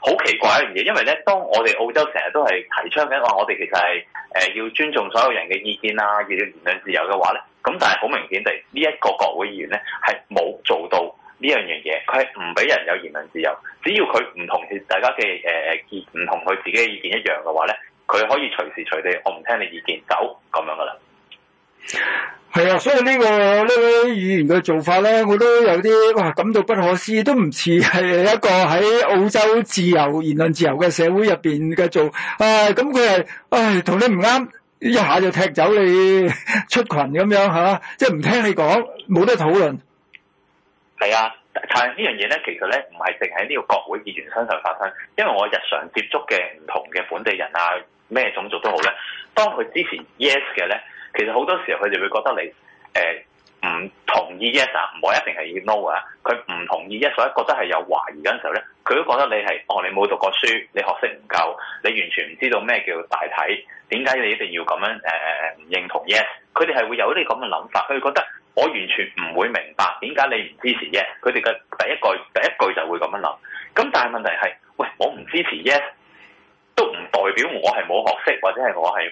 好奇怪一樣嘢，因為咧，當我哋澳洲成日都係提倡緊話，我哋其實係、呃、要尊重所有人嘅意見啦、啊，要言論自由嘅話咧，咁但係好明顯地，呢一個國會議員咧係冇做到呢樣樣嘢，佢係唔俾人有言論自由。只要佢唔同大家嘅誒意見唔同佢自己嘅意見一樣嘅話咧，佢可以隨時隨地我唔聽你意見走咁樣噶啦。係啊，所以呢、這個呢啲議員嘅做法咧，我都有啲哇感到不可思議，都唔似係一個喺澳洲自由言論自由嘅社會入邊嘅做啊。咁佢係唉同你唔啱，一下就踢走你出群咁樣吓、啊，即係唔聽你講，冇得討論。係啊，但係呢樣嘢咧，其實咧唔係淨喺呢個國會議員身上發生，因為我日常接觸嘅唔同嘅本地人啊，咩種族都好咧，當佢支持 yes 嘅咧。其實好多時候佢哋會覺得你誒唔、呃、同意 yes，唔好一定係要 no 啊。佢唔同意 yes，所以覺得係有懷疑嗰陣時候咧，佢都覺得你係哦，你冇讀過書，你學識唔夠，你完全唔知道咩叫大體，點解你一定要咁樣誒誒唔認同 yes？佢哋係會有啲咁嘅諗法，佢哋覺得我完全唔會明白點解你唔支持 yes。佢哋嘅第一句第一句就會咁樣諗。咁但係問題係，喂，我唔支持 yes。都唔代表我係冇學識，或者係我係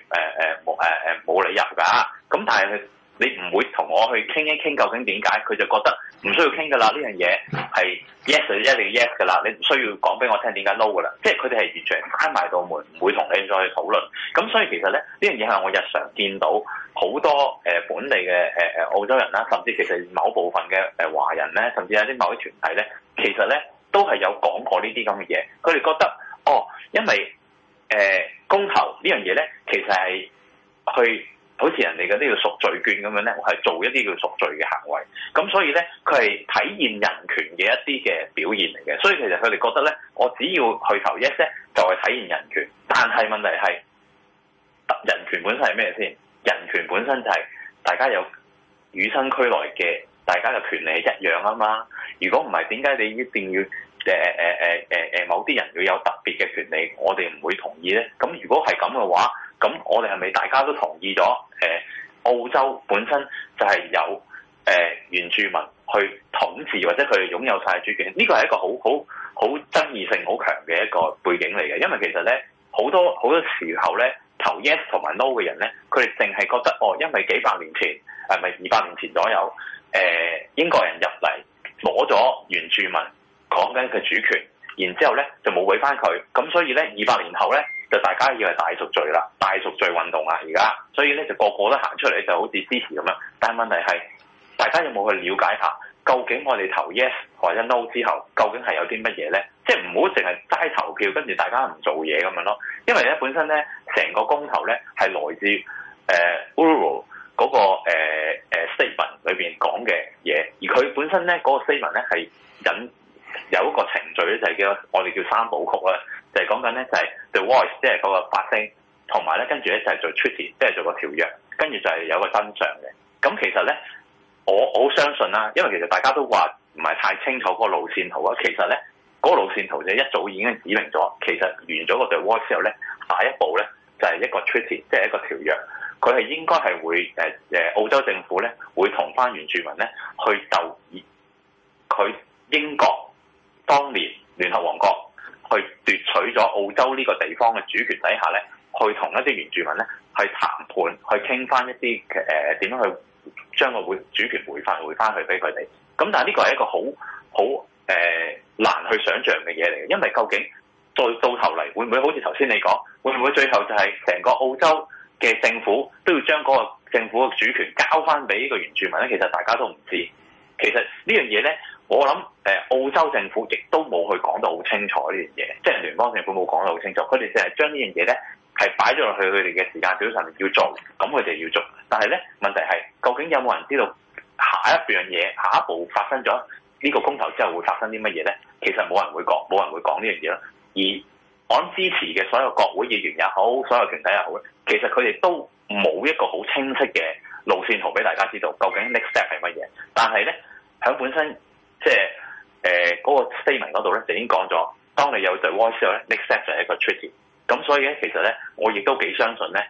冇誒誒冇理由㗎。咁但係你唔會同我去傾一傾究竟點解，佢就覺得唔需要傾㗎啦。呢樣嘢係 yes 就一定 yes 㗎、yes，啦、yes，你唔需要講俾我聽點解 no 㗎啦。即係佢哋係完全閂埋到門，唔會同你再去討論。咁所以其實咧，呢樣嘢係我日常見到好多、呃、本地嘅、呃、澳洲人啦，甚至其實某部分嘅華人咧，甚至有啲某啲團體咧，其實咧都係有講過呢啲咁嘅嘢。佢哋覺得哦，因為誒、呃、公投這件事呢樣嘢咧，其實係去好似人哋嗰啲叫贖罪券咁樣咧，係做一啲叫贖罪嘅行為。咁所以咧，佢係體現人權嘅一啲嘅表現嚟嘅。所以其實佢哋覺得咧，我只要去投 Yes 咧，就係體現人權。但係問題係，人權本身係咩先？人權本身就係、是、大家有與生俱來嘅，大家嘅權利係一樣啊嘛。如果唔係，點解你一定要？誒誒誒誒誒某啲人要有特別嘅權利，我哋唔會同意咧。咁如果係咁嘅話，咁我哋係咪大家都同意咗？誒、呃，澳洲本身就係有誒、呃、原住民去統治，或者佢哋擁有晒主權，呢、呢個係一個好好好爭議性好強嘅一個背景嚟嘅。因為其實咧，好多好多時候咧，投 yes 同埋 no 嘅人咧，佢哋淨係覺得哦，因為幾百年前係咪二百年前左右，誒、呃、英國人入嚟攞咗原住民。講緊佢主權，然之後咧就冇俾翻佢，咁所以咧二百年後咧就大家以為大贖罪啦，大贖罪運動啊而家，所以咧就個個都行出嚟就好似支持咁樣，但係問題係大家有冇去了解一下，究竟我哋投 yes 或者 no 之後，究竟係有啲乜嘢咧？即係唔好淨係齋投票，跟住大家唔做嘢咁樣咯。因為咧本身咧成個公投咧係來自 Uluru 嗰個誒、呃呃、Statement 裏面講嘅嘢，而佢本身咧嗰、嗰個 Statement 咧係引。有一個程序咧，就係叫我哋叫三部曲啦，就係講緊咧，就係 the voice，即係嗰個發聲，同埋咧跟住咧就係做 treaty，即係做個條約，跟住就係有個真相嘅。咁其實咧，我好相信啦，因為其實大家都話唔係太清楚嗰個路線圖啊。其實咧，嗰路線圖就一早已經指明咗。其實完咗個 the voice 之後咧，下一步咧就係一個 treaty，即係一個條約。佢係應該係會誒誒澳洲政府咧會同翻原住民咧去就佢英國。當年聯合王國去奪取咗澳洲呢個地方嘅主權底下咧，去同一啲原住民咧去談判，去傾翻一啲嘅誒點樣去將個主權回翻回翻去俾佢哋。咁但係呢個係一個好好誒難去想像嘅嘢嚟，因為究竟再到，到頭嚟會唔會好似頭先你講，會唔會，會，會最後就係成個澳洲嘅政府都要將嗰個政府嘅主權交翻俾呢個原住民咧？其實大家都唔知，其實呢樣嘢咧。我諗誒，澳洲政府亦都冇去講得好清楚呢樣嘢，即係聯邦政府冇講得好清楚。佢哋淨係將呢樣嘢咧係擺咗落去佢哋嘅時間表上面要做，咁佢哋要做。但係咧問題係，究竟有冇人知道下一樣嘢，下一步發生咗呢個公投之後會發生啲乜嘢咧？其實冇人會講，冇人會講呢樣嘢咯。而我諗支持嘅所有國會議員也好，所有團體也好，其實佢哋都冇一個好清晰嘅路線圖俾大家知道究竟 next step 係乜嘢。但係咧，響本身。即係誒嗰個 statement 嗰度咧，就已經講咗，當你有對 voice 咧，next step 就係一個 treaty。咁所以咧，其實咧，我亦都幾相信咧，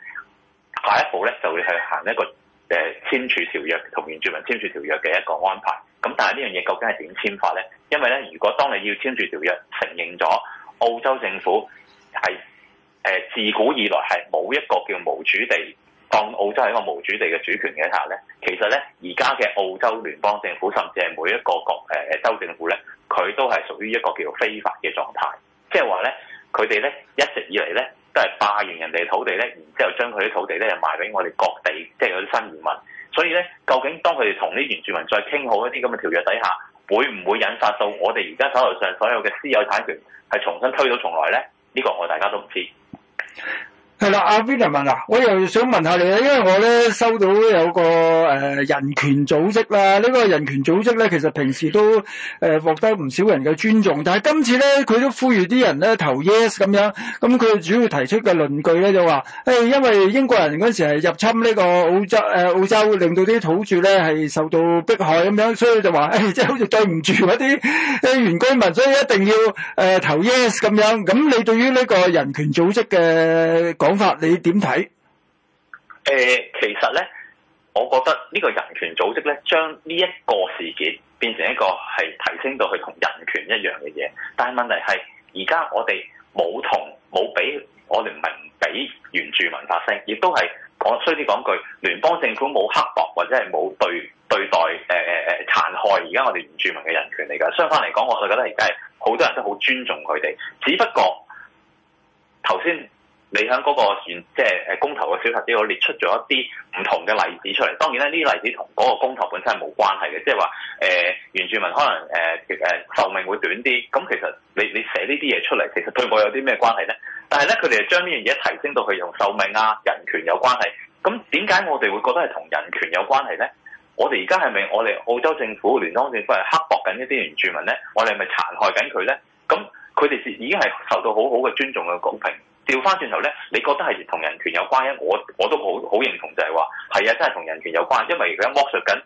下一步咧就會去行一個、呃、簽署條約同原住民簽署條約嘅一個安排。咁但係呢樣嘢究竟係點簽法呢？因為咧，如果當你要簽署條約，承認咗澳洲政府係、呃、自古以來係冇一個叫無主地。當澳洲喺一個無主地嘅主權嘅下咧，其實咧而家嘅澳洲聯邦政府甚至係每一個國誒誒州政府咧，佢都係屬於一個叫做非法嘅狀態。即係話咧，佢哋咧一直以嚟咧都係霸佔人哋土地咧，然之後將佢啲土地咧賣俾我哋各地即係有啲新移民。所以咧，究竟當佢哋同呢原住民再傾好一啲咁嘅條約底下，會唔會引發到我哋而家手頭上所有嘅私有產權係重新推倒重來咧？呢個我大家都唔知。係啦，阿 Vina 嘛啊，我又想問下你啊，因為我咧收到有個誒、呃、人權組織啦，呢、這個人權組織咧其實平時都誒獲、呃、得唔少人嘅尊重，但係今次咧佢都呼籲啲人咧投 yes 咁樣，咁佢主要提出嘅論據咧就話，誒、欸、因為英國人陣時係入侵呢個澳洲，誒、呃、澳洲令到啲土著咧係受到迫害咁樣，所以就話誒即係好似對唔住啲誒原居民，所以一定要誒、呃、投 yes 咁樣。咁你對於呢個人權組織嘅？講法你點睇？誒、呃，其實咧，我覺得呢個人權組織咧，將呢一個事件變成一個係提升到去同人權一樣嘅嘢。但係問題係，而家我哋冇同冇俾我哋唔係唔俾原住民發聲，亦都係講衰啲講句，聯邦政府冇刻薄或者係冇對對待誒誒誒殘害而家我哋原住民嘅人權嚟㗎。相反嚟講，我覺得而家係好多人都好尊重佢哋。只不過頭先。你喺嗰個即係誒公投嘅小冊子裏面列出咗一啲唔同嘅例子出嚟。當然咧，呢啲例子同嗰個公投本身係冇關係嘅，即係話誒原住民可能誒誒壽命會短啲。咁其實你你寫呢啲嘢出嚟，其實對我有啲咩關係咧？但係咧，佢哋就將呢樣嘢提升到去同壽命啊、人權有關係。咁點解我哋會覺得係同人權有關係咧？我哋而家係咪我哋澳洲政府、聯邦政府係刻薄緊呢啲原住民咧？我哋係咪殘害緊佢咧？咁佢哋已經係受到好好嘅尊重嘅公平。調翻轉頭咧，你覺得係同人權有關？我我都好好認同就，就係話係啊，真係同人權有關，因為佢一剝削緊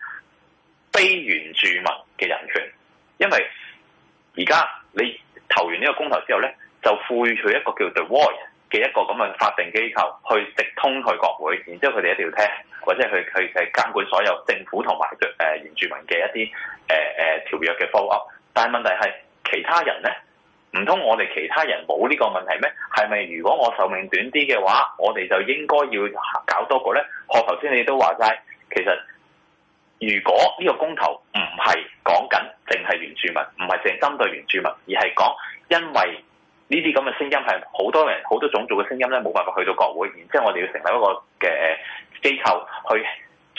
非原住民嘅人權。因為而家你投完呢個公投之後咧，就賦予佢一個叫 The Voice 嘅一個咁嘅法定機構去直通去國會，然之後佢哋一定要聽，或者去去去監管所有政府同埋原住民嘅一啲誒誒條約嘅 follow up。但問題係其他人咧。唔通我哋其他人冇呢個問題咩？係咪如果我壽命短啲嘅話，我哋就應該要搞多個呢？學頭先你都話齋，其實如果呢個公投唔係講緊淨係原住民，唔係淨針對原住民，而係講因為呢啲咁嘅聲音係好多人好多種族嘅聲音呢，冇辦法去到國會，然之後我哋要成立一個嘅機構去，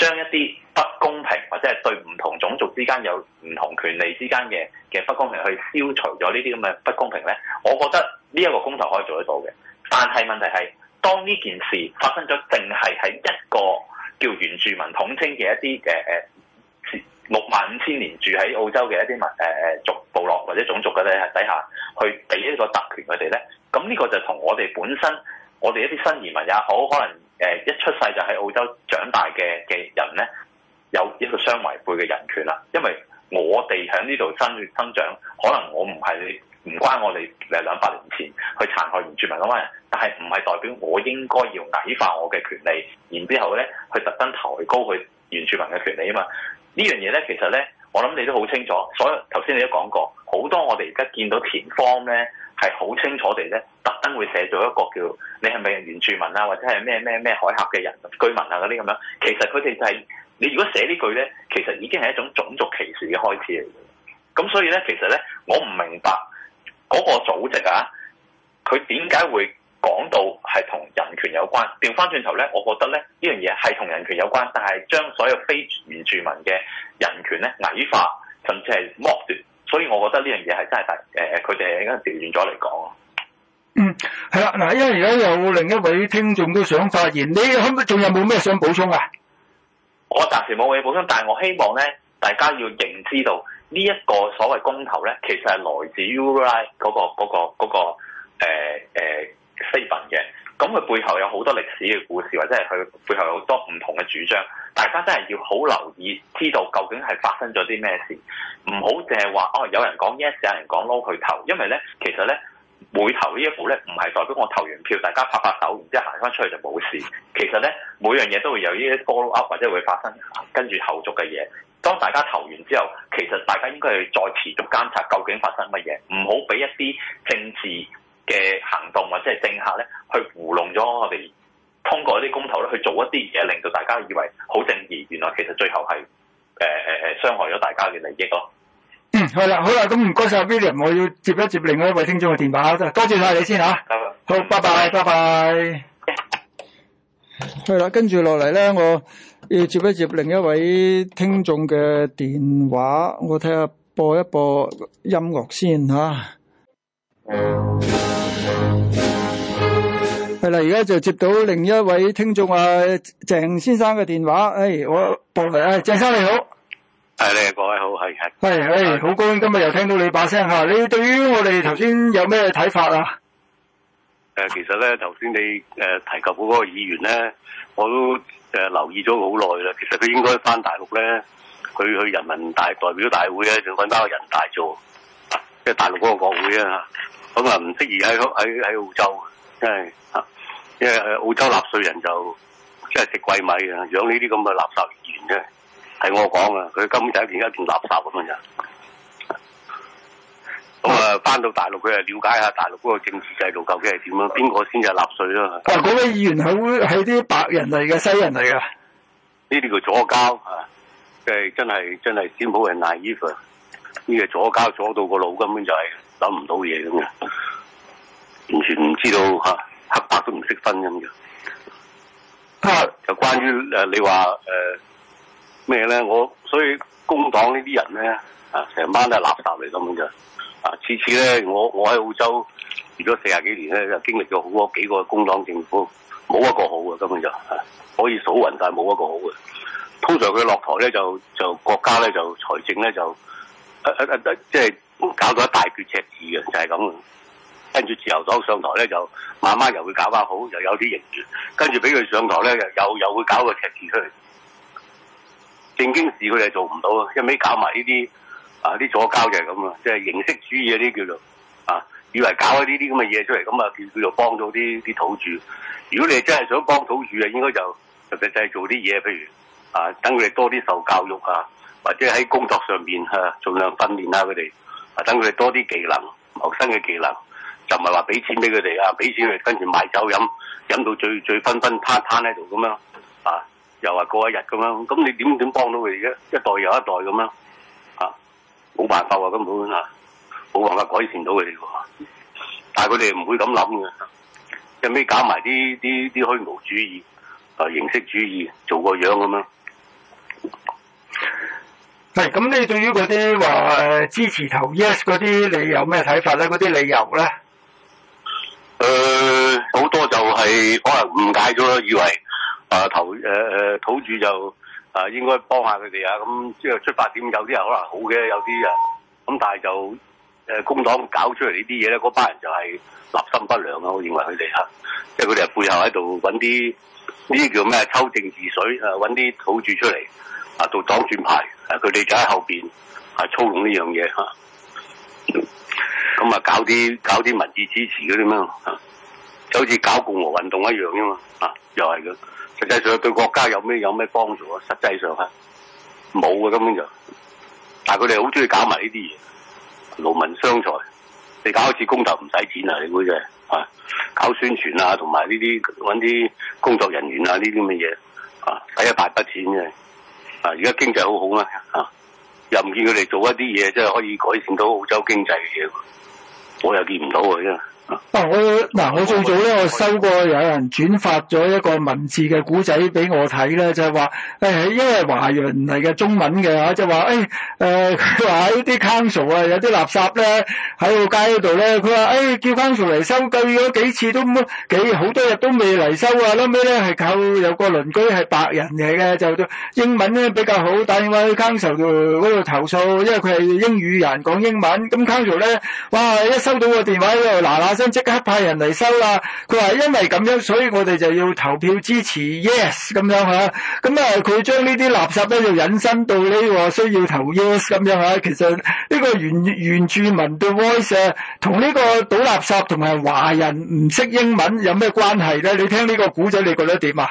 將一啲不公平或者係對唔同種族之間有唔同權利之間嘅嘅不公平去消除咗呢啲咁嘅不公平咧，我覺得呢一個公投可以做得到嘅。但係問題係，當呢件事發生咗，淨係喺一個叫原住民統稱嘅一啲嘅呃、六萬五千年住喺澳洲嘅一啲民、呃、族部落或者種族嘅咧底下去俾一個特權佢哋咧，咁呢個就同我哋本身我哋一啲新移民也好，可能。誒一出世就喺澳洲長大嘅嘅人咧，有一個相違背嘅人權啦。因為我哋喺呢度生生長，可能我唔係唔關我哋誒兩百年前去殘害原住民咁樣，但係唔係代表我應該要矮化我嘅權利，然之後咧去特登抬高佢原住民嘅權利啊嘛？呢樣嘢咧，其實咧，我諗你都好清楚。所以頭先你都講過，好多我哋而家見到前方咧。係好清楚地咧，特登會寫咗一個叫你係咪原住民啊，或者係咩咩咩海峽嘅人居民啊嗰啲咁樣。其實佢哋就係、是、你如果寫句呢句咧，其實已經係一種種族歧視嘅開始嚟嘅。咁所以咧，其實咧，我唔明白嗰個組織啊，佢點解會講到係同人權有關？調翻轉頭咧，我覺得咧，呢樣嘢係同人權有關，但係將所有非原住民嘅人權咧矮化，甚至係剝奪。所以，我覺得呢樣嘢係真係大，誒，佢哋應該調轉咗嚟講。嗯，係啦，嗱，因為而家有另一位聽眾都想發言，你可唔可以，仲有冇咩想補充啊？我暫時冇嘢補充，但係我希望咧，大家要認知到呢一個所謂公投咧，其實係來自於嗰、那個嗰、那個嗰、那個嘅。那個欸欸咁佢背後有好多歷史嘅故事，或者係佢背後有好多唔同嘅主張，大家真係要好留意，知道究竟係發生咗啲咩事，唔好淨係話哦有人講 yes，有人講 no，佢投，因為咧其實咧每投呢一步咧唔係代表我投完票，大家拍拍手，然之後行翻出去就冇事。其實咧每樣嘢都會有呢啲 follow up，或者會發生，跟住後續嘅嘢。當大家投完之後，其實大家應該係再持續監察究竟發生乜嘢，唔好俾一啲政治。嘅行動或者係政客咧，去糊弄咗我哋。通過一啲公投咧去做一啲嘢，令到大家以為好正義。原來其實最後係誒誒誒傷害咗大家嘅利益咯。嗯，係啦，好啦，咁唔該晒。William，我要接一接另外一位聽眾嘅電話，多謝晒你先嚇、啊，好，拜拜，拜拜。係啦、yeah.，跟住落嚟咧，我要接一接另一位聽眾嘅電話。我睇下播一播音樂先嚇。啊係啦，而家就接到另一位聽眾啊鄭先生嘅電話。誒，我撥嚟，誒，鄭生你好。誒，你好，各位好，係係。係好高興今日又聽到你把聲吓。你對於我哋頭先有咩睇法啊？誒，其實咧，頭先你誒提及嗰個議員咧，我都誒留意咗好耐啦。其實佢應該翻大陸咧，佢去人民大代、代表大會咧，仲搵翻個人大做，即係大陸嗰個國會啊。咁啊，唔適宜喺喺喺澳洲。真係嚇，因為澳洲納稅人就即係食貴米啊，養呢啲咁嘅垃圾議員啫。係我講啊，佢根本就係一件一件垃圾咁樣就。咁、嗯、啊，翻到大陸佢啊了解一下大陸嗰個政治制度究竟係點樣，邊個先至係納稅啦、啊？嗱、啊，嗰個議員係係啲白人嚟嘅，西人嚟嘅。呢啲叫左膠啊，即係真係真係先冇人捱衣服，呢個、啊、左膠左到嗰個腦根本就係諗唔到嘢咁嘛。完全唔知道，黑白都唔識分咁嘅。就關於你話誒咩咧？我所以工黨呢啲人咧，啊成班都係垃圾嚟根本就。啊，次次咧，我我喺澳洲如果四十幾年咧，就經歷咗好多幾個工黨政府，冇一個好嘅根本就。可以數運，但係冇一個好嘅。通常佢落台咧就就國家咧就財政咧就誒即係搞咗一大片赤字嘅，就係咁。跟住自由黨上台咧，就慢慢又會搞下好，又有啲盈餘。跟住俾佢上台咧，又又又會搞個赤字出嚟。正經事佢哋做唔到，一味搞埋呢啲啊啲左膠就係咁啊！即係、就是、形式主義嗰啲叫做啊，以為搞啲呢啲咁嘅嘢出嚟，咁啊佢佢就幫到啲啲土著。如果你真係想幫土著該啊，應該就特別製造啲嘢，譬如啊，等佢哋多啲受教育啊，或者喺工作上面啊儘量訓練下佢哋，或等佢哋多啲技能、謀生嘅技能。就唔係話俾錢俾佢哋啊！俾錢佢哋跟住買酒飲，飲到醉醉昏昏攤攤喺度咁樣啊！又話過一日咁樣，咁你點點幫到佢哋嘅？一代又一代咁樣啊！冇辦法喎，根本啊，冇辦法改善到佢哋喎。但係佢哋唔會咁諗嘅，最尾搞埋啲啲啲虛無主義啊、形式主義，做個樣咁樣。係咁，你對於嗰啲話誒支持投 yes 嗰啲，你有咩睇法咧？嗰啲理由咧？誒、呃，好多就係可能誤解咗啦，以為誒投誒誒土著就啊應該幫下佢哋啊，咁即係出發點有啲人可能好嘅，有啲啊咁、啊，但係就誒、啊、工黨搞出嚟呢啲嘢咧，嗰班人就係立心不良啊，我認為佢哋吓，即係佢哋係背後喺度揾啲呢啲叫咩抽政治水啊，揾啲土著出嚟啊做擋、啊、箭牌，佢、啊、哋就喺後邊係、啊、操弄呢樣嘢吓。啊咁啊，搞啲搞啲民意支持嗰啲咩啊？就好似搞共和運動一樣啫嘛，啊，又係嘅。實際上對國家有咩有咩幫助啊？實際上啊，冇嘅根本就。但係佢哋好中意搞埋呢啲嘢，勞民傷財。你搞一次公投唔使錢啊，你估嘅啊？搞宣傳啊，同埋呢啲搵啲工作人員啊，呢啲咩嘢啊？使一大筆錢嘅啊！而家經濟好好啦，啊，又唔見佢哋做一啲嘢，真係可以改善到澳洲經濟嘅嘢。我又見唔到佢啊！啊！我嗱，我最早咧，我收過有人轉發咗一個文字嘅古仔俾我睇咧，就係話誒，因為華人嚟嘅中文嘅嚇，就話誒誒，佢話喺啲 Council 啊，呃、有啲垃圾咧喺個街度咧，佢話誒叫 Council 嚟收，跟住幾次都冇幾好多日都未嚟收啊，撈尾咧係靠有個鄰居係白人嚟嘅，就英文咧比較好，打電話去 Council 度嗰度投訴，因為佢係英語人講英文，咁 Council 咧哇一收到個電話咧就嗱嗱即刻派人嚟收啦！佢話因為咁樣，所以我哋就要投票支持 yes 咁樣吓。咁啊，佢將呢啲垃圾咧要引申到呢、這個需要投 yes 咁樣吓、啊。其實呢個原原住民的 voice 同、啊、呢個倒垃圾同埋華人唔識英文有咩關係咧？你聽呢個古仔你覺得點啊？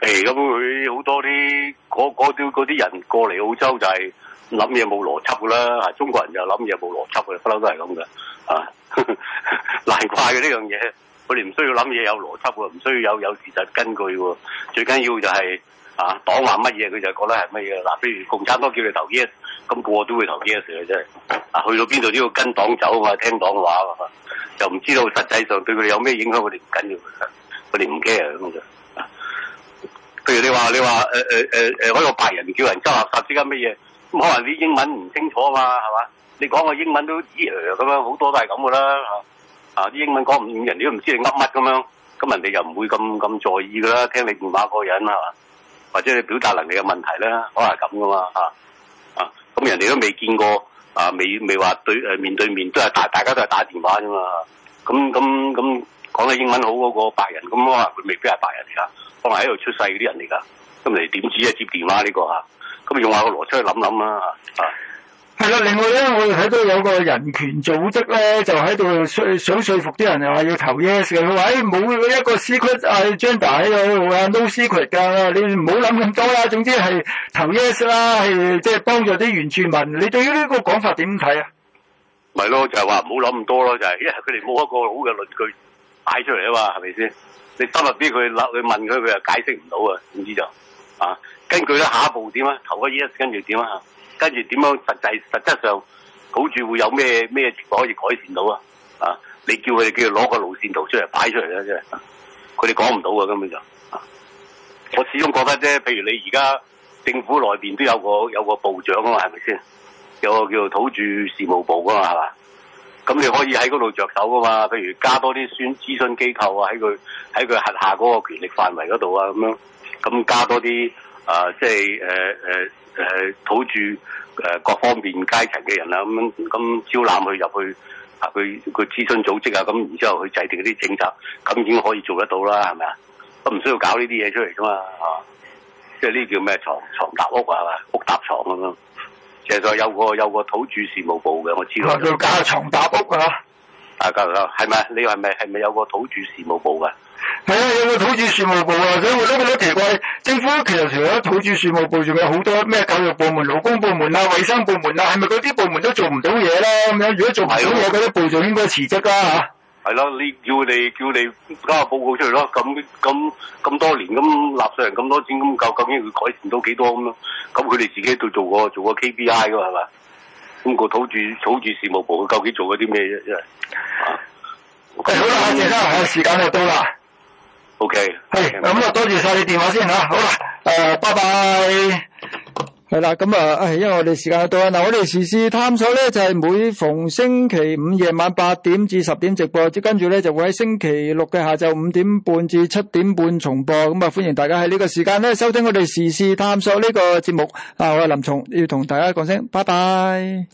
誒、欸，咁佢好多啲嗰啲啲人過嚟澳洲就係諗嘢冇邏輯噶啦，中國人就諗嘢冇邏輯嘅，不嬲都係咁嘅啊。 *laughs* 難怪嘅呢樣嘢，我哋唔需要諗嘢有邏輯嘅，唔需要有有事實根據嘅，最緊要、啊、黨就係啊黨話乜嘢，佢就覺得係乜嘢。嗱，譬如共產黨叫你投 YES，咁、個個都會投 YES 嘅，成日真係。啊，去到邊度都要跟黨走啊，聽黨話啊，又唔知道實際上對佢哋有咩影響、啊啊呃呃呃呃呃，我哋唔緊要，我哋唔驚啊咁就。譬如你話你話誒誒誒誒，個白人叫人執垃圾，之間乜嘢咁可能啲英文唔清楚啊嘛，係嘛？你講個英文都咿咁樣，好多都係咁噶啦，啊啲英文講唔，人哋都唔知你噏乜咁樣，咁人哋又唔會咁咁在意噶啦，聽你電話嗰個人係嘛？或者你表達能力嘅問題咧，可能係咁噶嘛嚇！啊，咁人哋都未見過啊，未未話對面對面，都係大大家都係打電話啫嘛。咁咁咁講你英文好嗰個白人，咁可能佢未必係白人嚟噶，可能喺度出世嗰啲人嚟噶，咁你點知啊接電話呢、這個嚇？咁用下個邏輯去諗諗啦啊！係啦，另外咧，我哋睇到有個人權組織咧，就喺度想說服啲人，又話要投 Yes 嘅，喂，冇一個司屈啊，張 e 啊，secret 噶，你唔好諗咁多啦。總之係投 Yes 啦，係即係幫助啲原住民。你對於呢個講法點睇啊？唔係咯，就係話唔好諗咁多咯，就係因為佢哋冇一個好嘅論據擺出嚟啊嘛，係咪先？你今入啲佢問佢，佢又解釋唔到啊，點知就啊？根據咧，下一步點啊？投個 Yes 跟住點啊？跟住點樣實際實質上土著會有咩咩情況可以改善到啊？啊！你叫佢哋叫佢攞個路線圖出嚟擺出嚟啦，佢哋講唔到嘅根本就、啊。我始終覺得啫。譬如你而家政府內面都有個有個部長啊嘛，係咪先？有個叫做土著事務部啊嘛，係嘛？咁你可以喺嗰度着手噶、啊、嘛。譬如加多啲專諮詢機構啊，喺佢喺佢轄下嗰個權力範圍嗰度啊，咁樣咁加多啲、啊、即係誒，土著誒各方面階層嘅人啦，咁咁招攬佢入去啊，佢佢諮詢組織啊，咁然之後去制定啲政策，咁已經可以做得到啦，係咪啊？都唔需要搞呢啲嘢出嚟噶嘛，啊，即係呢叫咩床床搭屋啊嘛，屋搭床咁樣，其實有個有個土著事務部嘅，我知道。啊，要搞床搭屋噶。啊，係咪？你又係咪？係咪有個土著事務部噶、啊？係啊，有個土著事務部啊！所以我諗佢都奇怪，政府其實除咗土著事務部仲有好多咩教育部門、勞工部門啊、衛生部門啊，係咪嗰啲部門都做唔到嘢啦？咁樣如果做唔到嘢，嗰啲部就應該辭職噶吓。係咯，你叫你叫佢哋交下報告出嚟咯。咁咁咁多年咁納稅人咁多錢咁，究究竟佢改善到幾多咁咯？咁佢哋自己都做過做過 K P I 噶係嘛？咁個土著土著事務部，佢究竟做咗啲咩啫？一係啊，好啦，謝啦，時間又、okay，到啦。O K，係咁啊，多謝晒你電話先吓。好啦，誒、呃，拜拜。係啦，咁啊，係因為我哋時間又到啦。嗱，我哋時事探索咧就係每逢星期五夜晚八點至十點直播，即係跟住咧就會喺星期六嘅下晝五點半至七點半重播。咁啊，歡迎大家喺呢個時間咧收聽我哋時事探索呢個節目。啊，我係林松，要同大家講聲拜拜。